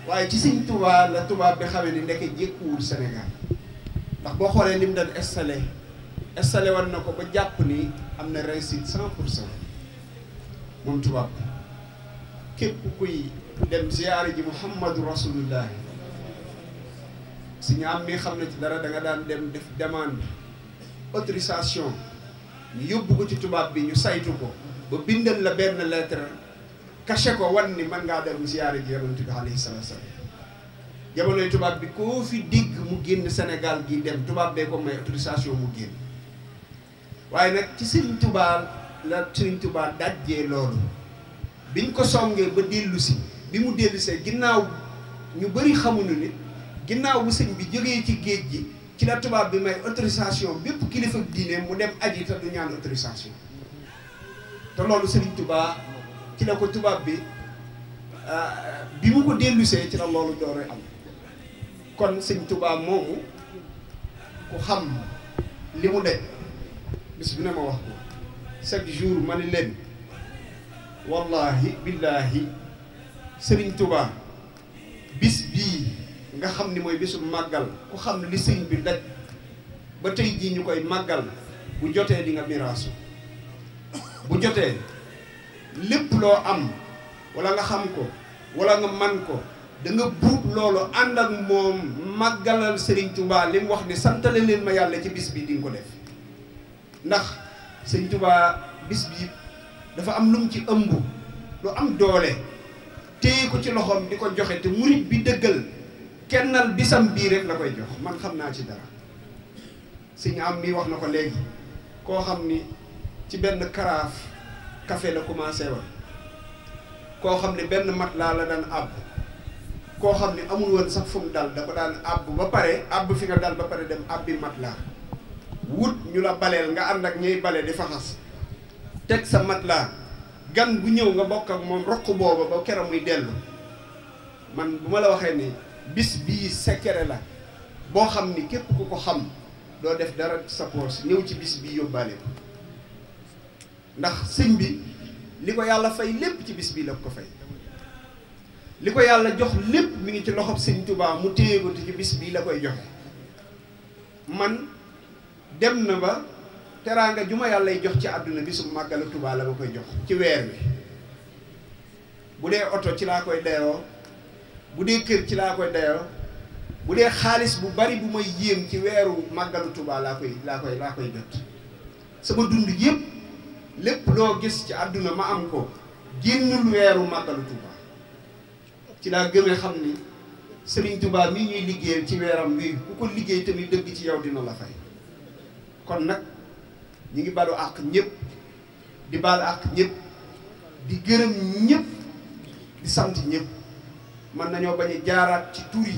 waaye ci Sëñ Tuubaa la tubaab bi xamee ni ndeke jekkuwul Sénégal ndax boo xoolee lim doon installé installé woon na ko ba jàpp ni am na réussite cent pour cent moom tubaab képp kuy dem ziyaare ji Muhammadu Rasulullah si ñu am mi xam na ci dara da nga daan dem def demande autorisation ñu yóbbu ko ci tubaab bi ñu saytu ko ba bindal la benn lettre caché ko wan ni man ngaa dem siyaare ji yonent bi alayhi jamonoy tubaab bi koo fi digg mu génn senegal gi dem tubaab bee ko may autorisation mu génn waaye nag ci Serigne Touba la Serigne Touba dajjee loolu biñ ko songee ba dellusi bi mu dellusee ginnaaw ñu bëri xamuñu ni ginnaaw bu sëñ bi jógee ci géej gi ci la tubaab bi may autorisation bépp kilifa diine mu dem aji te du ñaan autorisation te loolu Serigne Touba ci la ko tubaab bi euh, bi mu ko dellusee ci la loolu dooree am kon Serigne Touba moomu ku xam li mu daj bis bu ne ma wax ko chaque jour ma ni leen wallahi billahi Serigne Touba bis bii. nga xam ni mooy bisu màggal ku xam li sëñ bi daj ba tey jii ñu koy màggal bu jotee di nga miraasu bu jotee lépp loo am walla nga xam ko walla nga man ko danga nga buub loolu ànd ak moom màggalal Serigne Touba li mu wax ni santale leen ma yàlla ci bis bii di ko def ndax Serigne Touba bis bi dafa am lu ci ëmb lu am doole téye ko ci loxoom di ko joxe te murit bi dëggal. kennal bisam bi rek la koy jox man xam naa ci dara suñu am mi wax na ko léegi koo xam ni ci benn karaaf café la commencé wa koo xam mat laa la daan àbb koo xam ne amul woon sax fu dal da ko daan àbb ba pare àbb fi nga dal ba pare dem àbbi mat laa wut ñu la baleel nga ànd ak ñuy bale di faxas teg sa mat laa gan bu ñëw nga bokk ak moom rokk booba ba muy dellu man bu ma la waxee ni bis bii secret la boo xam ni képp ku ko xam doo def dara sa poos ñëw ci bis bii yóbbaale ko ndax sëñ bi li ko yàlla fay lépp ci bis bii la ko fay li ko yàlla jox lépp mu ngi ci loxob sëñ Tuubaa mu téye ko ci bis bii la koy joxe man dem na ba teraanga ju ma yàllay jox ci àdduna bi su màggalu Tuubaa la ma koy jox ci weer bi bu dee oto ci laa koy deeroo bu dee kër ci laa koy dayal bu dee xaalis bu bari bu may yéem ci weeru màggalu Tuubaa laa koy laa koy laa koy jot sama dund yëpp lépp loo gis ci àdduna ma am ko génnul weeru màggalu Tuubaa ci laa gëmee xam ni Sëriñ Tuubaa mii ñuy liggéeyal ci weeram wi ku ko liggéey tamit dëgg ci yow dina la fay kon nag ñu ngi balu àq ñëpp di baal àq ñëpp di gërëm ñëpp di sant ñëpp mën nañoo bañ a jaaraat ci tur yi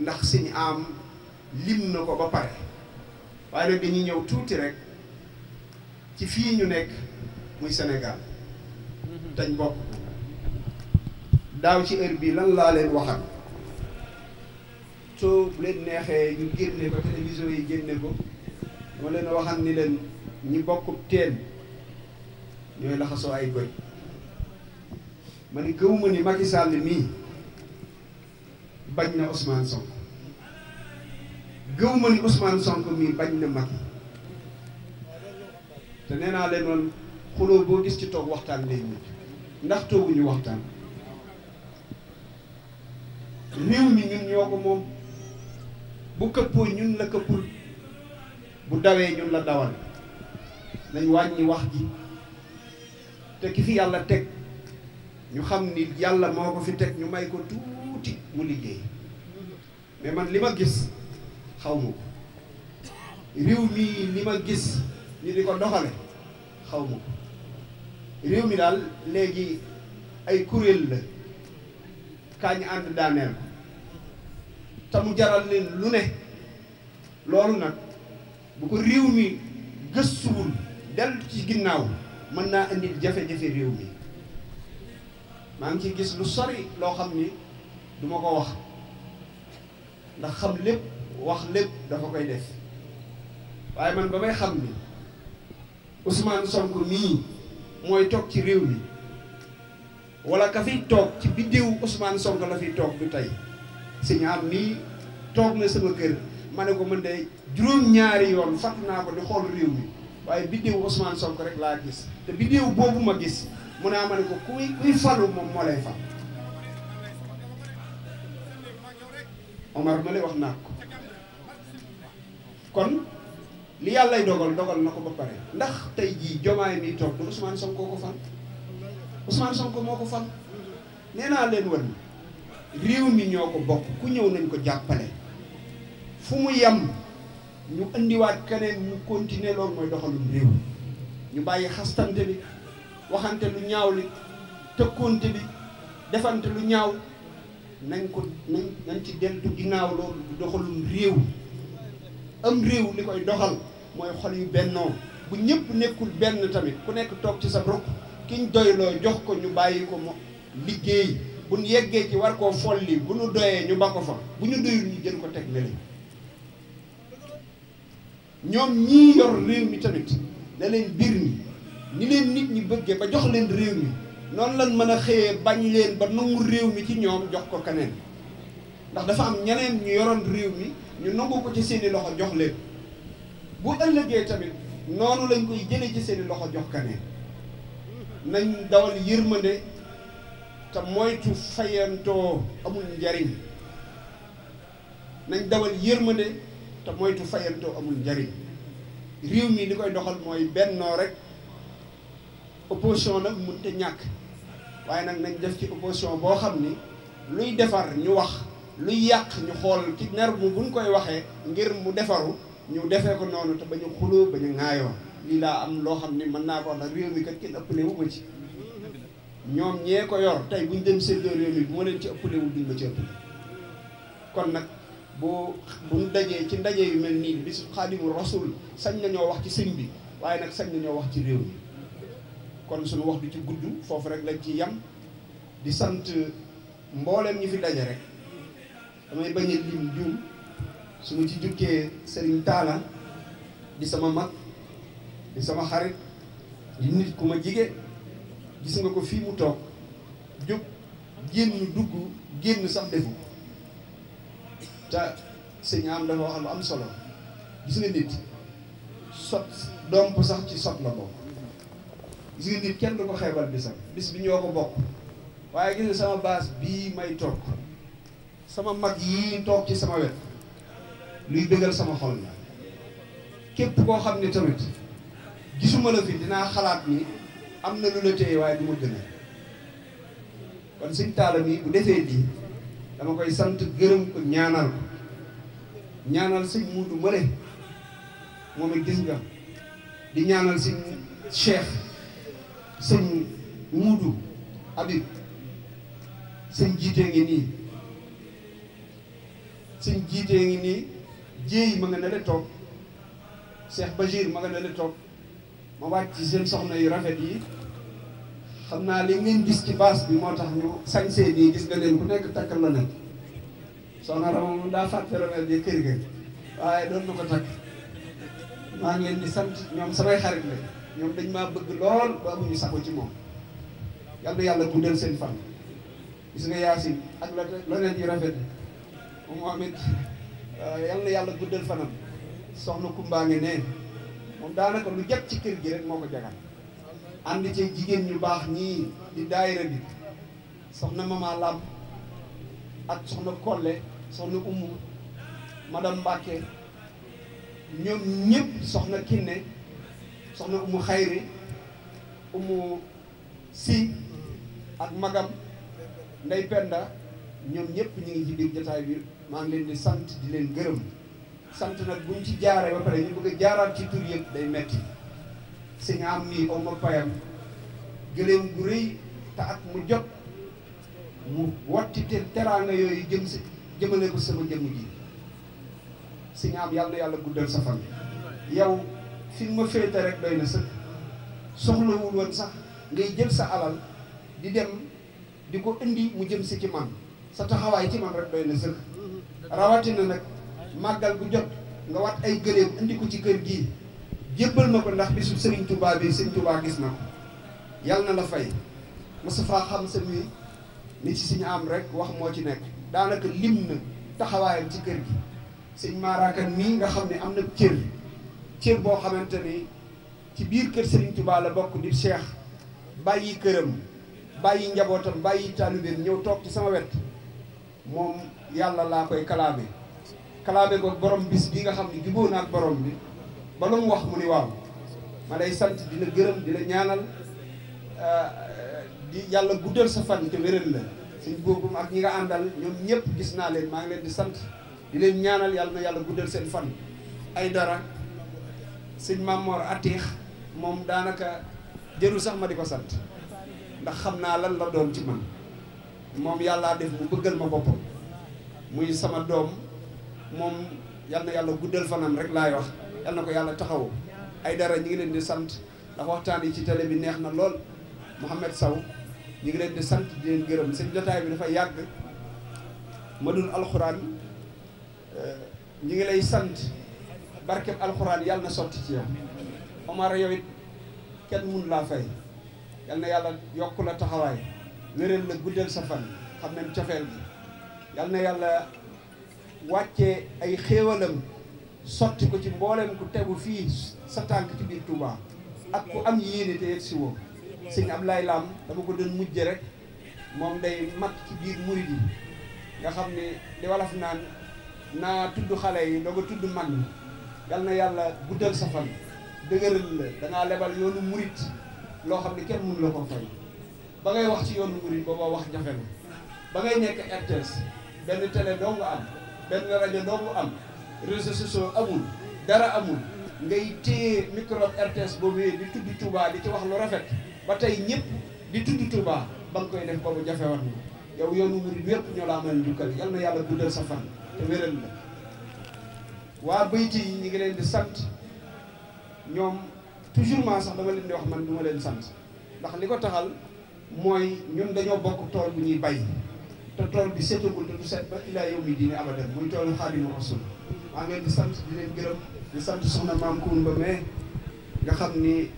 ndax suñu am lim na ko ba pare waaye nag dañuy ñëw tuuti rek ci fii ñu nekk muy senegal tañ bokk daaw ci heure bii lan laa leen waxal soo bu leen neexee ñu génne ko télévision yi génne ko moo leen waxal ni leen ñi bokkub teen ñooy laxasoo ay goy ma ne gëmuma ni Macky Sall mii bañ na Ousmane Sonko gëmuma ni Ousmane Sonko mii bañ na Macky te nee naa leen woon xuloo boo gis ci toog waxtaan lay mujj ndax tooguñu waxtaan réew mi ñun ñoo ko moom bu këppoo ñun la këppul bu dawee ñun la dawal nañ wàññi wax ji te ki fi yàlla teg ñu xam ni yàlla moo ko fi teg ñu may ko tuuti mu liggéey mais man li ma gis xaw ma ko réew mi li ma gis ñu di ko doxale xaw ma ko réew mi daal léegi ay kuréel la kaañ ànd daaneel ko te mu jaral leen lu ne loolu nag bu ko réew mi gëstuwul dellu ci ginnaaw mën naa indi jafe-jafe réew mi maa ngi ci gis lu sori loo xam ni duma ko wax ndax xam lépp wax lépp dafa koy def waaye man ba may xam ni Ousmane Sonko nii mooy toog ci réew mi walla ka fiy toog ci biddewu Ousmane Sonko la fi toog du tey si ñaam nii toog na sama kër ma ne ko mën de juróom-ñaari yoon fàtt naa ko di xool réew mi waaye biddewu Ousmane sonk rek laa gis te biddewu boobu ma gis mu ne ma ko kuy kuy falu moom moo lay fal Omar ma lay wax naa ko kon li yàllay dogal dogal na ko ba pare ndax tey jii jomaay mi toog du Ousmane Sonko ko fal Ousmane Sonko moo ko fal nee naa leen war ni réew mi ñoo ko bokk ku ñëw nañ ko jàppale fu mu yem ñu indiwaat keneen ñu continuer loolu mooy doxalum réew ñu bàyyi xastante bi waxante lu ñaaw li tëkkoonte bi defante lu ñaaw nañ ko nañ nañ ci deltu ginnaaw loolu du doxalum réew am réew li koy doxal mooy xol yu bennoo bu ñëpp nekkul benn tamit ku nekk toog ci sa rukk kiñ doyloo jox ko ñu bàyyi ko mo liggéey bu ñu yeggee ci war koo folli bu ñu doyee ñu ba ko fa bu ñu doyul ñu jël ko teg lële ñoom ñii yor réew mi tamit da leen biir ni leen nit ñi bëggee ba jox leen réew mi noonu lañ mën a xëyee bañ leen ba nangu réew mi ci ñoom jox ko keneen ndax dafa am ñeneen ñu yoroon réew mi ñu nangu ko ci seeni loxo jox leen bu ëllëgee tamit noonu lañ koy jële ci seeni loxo jox keneen nañ dawal yërmande te moytu fayantoo amul njariñ nañ dawal yërmande te moytu fayantoo amul njariñ réew mi li koy doxal mooy bennoo rek opposition nag mun te ñàkk waaye nag nañ def ci opposition boo xam ni luy defar ñu wax luy yàq ñu xool ci ner mu buñ koy waxee ngir mu defaru ñu defee ko noonu te ba ñu xuloo ba ñu ŋaayoo lii laa am loo xam ni mën naa ko wax nag réew mi kat kenn ëppale wu ma ci ñoom ñee ko yor tey buñ dem seddoo réew mi bu ma leen ci ëppale wu duñ ma ci ëppale kon nag bu buñ dajee ci ndaje yu mel nii bi bisu xaadimu rasul sañ ñoo wax ci sëñ bi waaye nag sañ nañoo wax ci réew mi kon suñu wax du ci gudd foofu rek lañ ci yam di sant mbooleem ñi fi daje rek damay bañ a lim juum suñu ci jukkee Serigne Talla di sama mag di sama xarit di nit ku ma jige gis nga ko fii mu toog jóg génn dugg génn sax defu te sëñ am dafa wax lu am solo gis nga nit sot domp sax ci sot la ko gis nit kenn du ko xeebal bisam bis bi ñoo ko bokk waaye gis sama baas bii may toog sama mag yi toog ci sama wet luy bëggal sama xol la képp koo xam ne tamit gisuma la fi dinaa xalaat ni am na lu la téye waaye du ma gën a kon suñ taala mi bu defee lii dama koy sant gërëm ko ñaanal ko ñaanal sëñ Muudu Mare moom it gis nga di ñaanal sëñ Cheikh sëñ muudu Habib sëñ jiitee ngi nii sëñ jiitee ngi nii jéey ma nga ne la toog Cheikh ma nga ne ma wàcc ci seen soxna yu rafet yi xam naa li ngeen gis ci baas bi moo tax ñu sañsee nii gis nga leen ku nekk takkal la nag soxna Rama moom daa fàtte rafet yi kër ga waaye doon na ko takk ñoom samay xarit la ñoom dañ maa bëgg lool ba amuñu sago ci moom yal yàlla guddal seen fan gis nga yaasin ak la leneen yu rafet yi moom it euh, yal na yàlla guddal fanam soxna Kumba ngi ne moom daanaka lu jot ci kër gi rek moo ko jagal ànd ci jigéen ñu baax ñii di daayira bi soxna Mama Lam ak soxna Kolle soxna Umu madame Mbacke ñoom ñëpp soxna Kiné soxna umu xayri umu si ak magam ndey penda ñoom ñëpp ñu ngi ci biir jotaay bi maa ngi leen di sant di leen gërëm sant nag buñ ci jaaree ba pare ñu bëgg a ci tur yëpp day metti si nga am nii oma payam gëléem gu rëy te at mu jot mu watti te teraanga yooyu jëm si jëmale ko sama jëmm ji si am yàlla yàlla guddal sa fan yow fi ma féete rek doy na sëkk soxlawul woon sax ngay jël sa alal di dem di ko indi mu jëm si ci man sa taxawaay ci man rek doy na sëkk rawatina nag màggal bu jot nga wat ay gëléem indi ko ci kër gi jébbal ma ko ndax bisu Serigne Touba bi Serigne Touba gis na ko yàlla na la fay Moustapha xam sa mi ni ci suñu am rek wax moo ci nekk daanaka lim na taxawaayam ci kër gi sëñ maaraakan mii nga xam ne am na cër cër boo xamante ni ci biir kër Serigne Touba la bokk di Cheikh bàyyi këram bàyyi njabootam bàyyi taalibeem ñëw toog ci sama wet moom yàlla laa koy kalaabe kalaabe ko borom bis bi nga xam ne jubóo naa ak borom bi ba mu wax mu ni waaw ma lay sant di la gërëm di ñaanal di yàlla guddal sa fan te wéral la suñ boobum ak ñi nga àndal ñoom ñëpp gis naa leen maa ngi leen di sant di leen ñaanal yàlla na yàlla guddal seen fan ay dara sëñ Mamor Atiix moom daanaka jëru sax ma di ko sant ndax xam naa lan la doon ci man moom yàllaa def mu bëggal ma boppam muy sama doom moom yal na yàlla guddal fanam rek laay wax yal na ko yàlla taxawu ay dara ñu ngi leen di sant ndax waxtaan yi ci télé bi neex na lool Mouhamed Sow ñu ngi leen di sant di leen gërëm seen jotaay bi dafa yàgg Madul Alxuraan ñu ngi lay sant barkeb alxuraan yàlla na sotti ci yow Omar yow kenn mun laa fay yal na yàlla yokk la taxawaay wéral la guddal sa fan xam nañ cofeel gi yal na yàlla wàccee ay xéewalam sotti ko ci mboolem ku tegu fii sa tànk ci biir Touba ak ku am yéene te yegg si woo sëñ Ablaye Lam dama ko doon mujje rek moom day mag ci biir murid yi nga xam ne di walaf naan naa tudd xale yi doo ko tudd mag yal na yàlla guddal sa fan dëgëral la danaa lebal yoonu murit loo xam ne kenn mënu la ko fay ba ngay wax ci yoonu murit booba wax jafe la ba ngay nekk RTS benn télé doo nga am benn rajo doo nga am réseaux sociaux amul dara amul ngay téye micro RTS boobu di tudd Touba di ci wax lu rafet ba tey ñëpp di tudd Touba ba nga koy def boobu jafe woon yow yoonu murit wépp ñoo la amal njukkal yal na yàlla guddal sa fan te la waa bayti yi ñu ngi leen di sant ñoom toujours maa sax dama leen di wax man du ma leen sant ndax li ko taxal mooy ñun dañoo bokk tool bu ñuy bay te tool bi setagul te du set ba ilaa yow mi diine abadan muy toolu xaadimu rasul maa ngi leen di sant di leen gërëm di sant soxna maam Koumba mais nga xam ni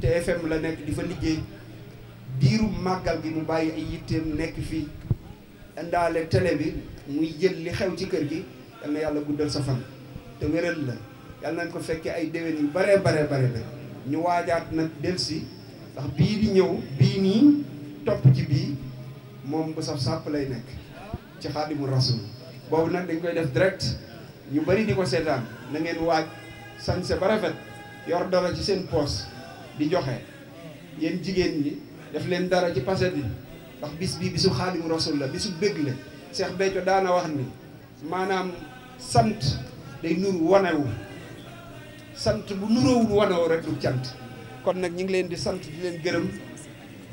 TFM la nekk di fa liggéey diiru màggal gi mu bàyyi ay yitteem nekk fii indaale tele bi muy jël li xew ci kër gi yal na yàlla guddal sa fan te wéral la yàlla nañ ko fekkee ay déwén yu baree baree bare la ñu waajaat nag delsi ndax bii di ñëw bii nii topp ci bii moom bu saf sàpp lay nekk ci xaadimu rasul boobu nag dañ koy def direct ñu bari di ko seetaan na ngeen waaj sañse ba rafet yor dara ci seen poos di joxe yéen jigéen ñi def leen dara ci paset yi ndax bis bii bi bisu xaadimu rasul la bi su bëgg la Cheikh Béthio daana wax ni maanaam sant day nuru wanewu sant bu nuroowul wanewu rek du cant kon nag ñu ngi leen di sant di leen gërëm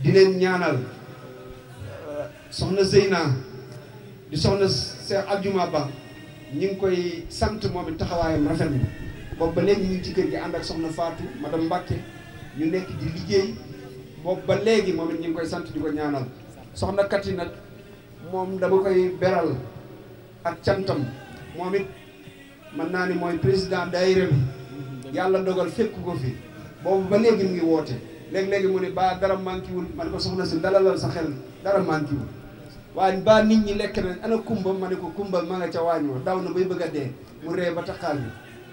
di leen ñaanal euh, soxna Zeyna di soxna Cheikh Aljuma Ba ñu ngi koy sant moom it taxawaayam rafet na boobu ba léegi ñu ci kër gi ànd ak soxna Fatou madame ñu nekk di liggéey boobu ba léegi moom it ñu ngi koy sant di ko ñaanal soxna Kati nag moom dama koy beral ak cantam moom it mën naa ni mooy président day bi yàlla dogal fekk ko fi boobu ba léegi mu ngi woote léeg-léegi mu ne baa dara manqué wul man ko soxna si dalalal sa xel dara manqué wul waaye baa nit ñi lekk nañ ana kumba ma ne ko kumba ma nga ca waañ wa daw na bay bëgg a dee mu ree ba taqaal bi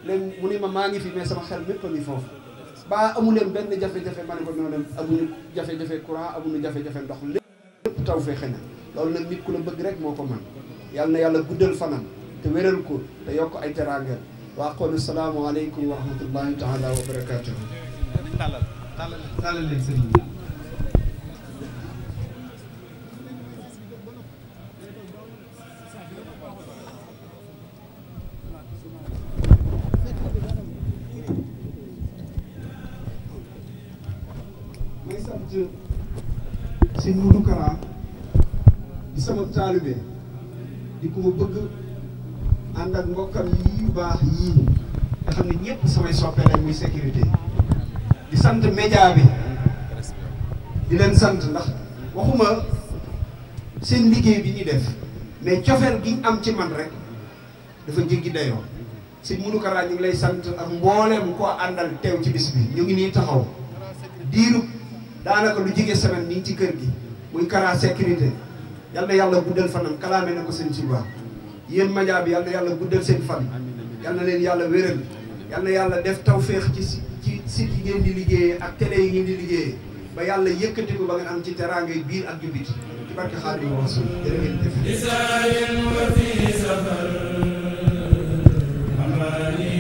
léegi mu ni ma maa ngi fi mais sama xel mépp a ngi foofu baa amuleen benn jafe-jafe ma ne ko noonu amuñu jafe-jafe courant amuñu jafe-jafe ndox lépp taw fee xëy loolu nag nit ku la bëgg rek moo ko man yàlla na yàlla guddal fanam te wéral ko te yokk ay teraanga waa qolu salaamu aleykum wa rahmatullahi taala wa barakaatuhu tàllal tàllal tàllal leen sëriñ bi may sant sëñ Modou Kara di sama taalibe di ko ma bëgg ak mbokkam yi yu baax yii nga xam ne ñëpp samay soppe lañ muy sécurité di sant média bi di leen sant ndax waxuma seen liggéey bi ñuy def mais cofeel gi ñu am ci man rek dafa jéggi dayoo sëñ Modou Kara ñu ngi lay sant ak mbooleem koo àndal teew ci bis bi ñu ngi nii taxaw diirub daanaka lu jigee semaine nii ci kër gi muy Kara sécurité yal na yàlla guddal fanam kalaame na ko sëñ Touba yéen média bi yàlla na yàlla guddal seen fan yal na leen yàlla wéral yal na yàlla def tawféex ci ci site yi ngeen di liggéeye ak télé yi ngeen di liggéeyee ba yàlla yëkkati ko ba ngeen am ci teraanga biir ak jubit ci barke Xaadimu Rasuul jërë ngeen def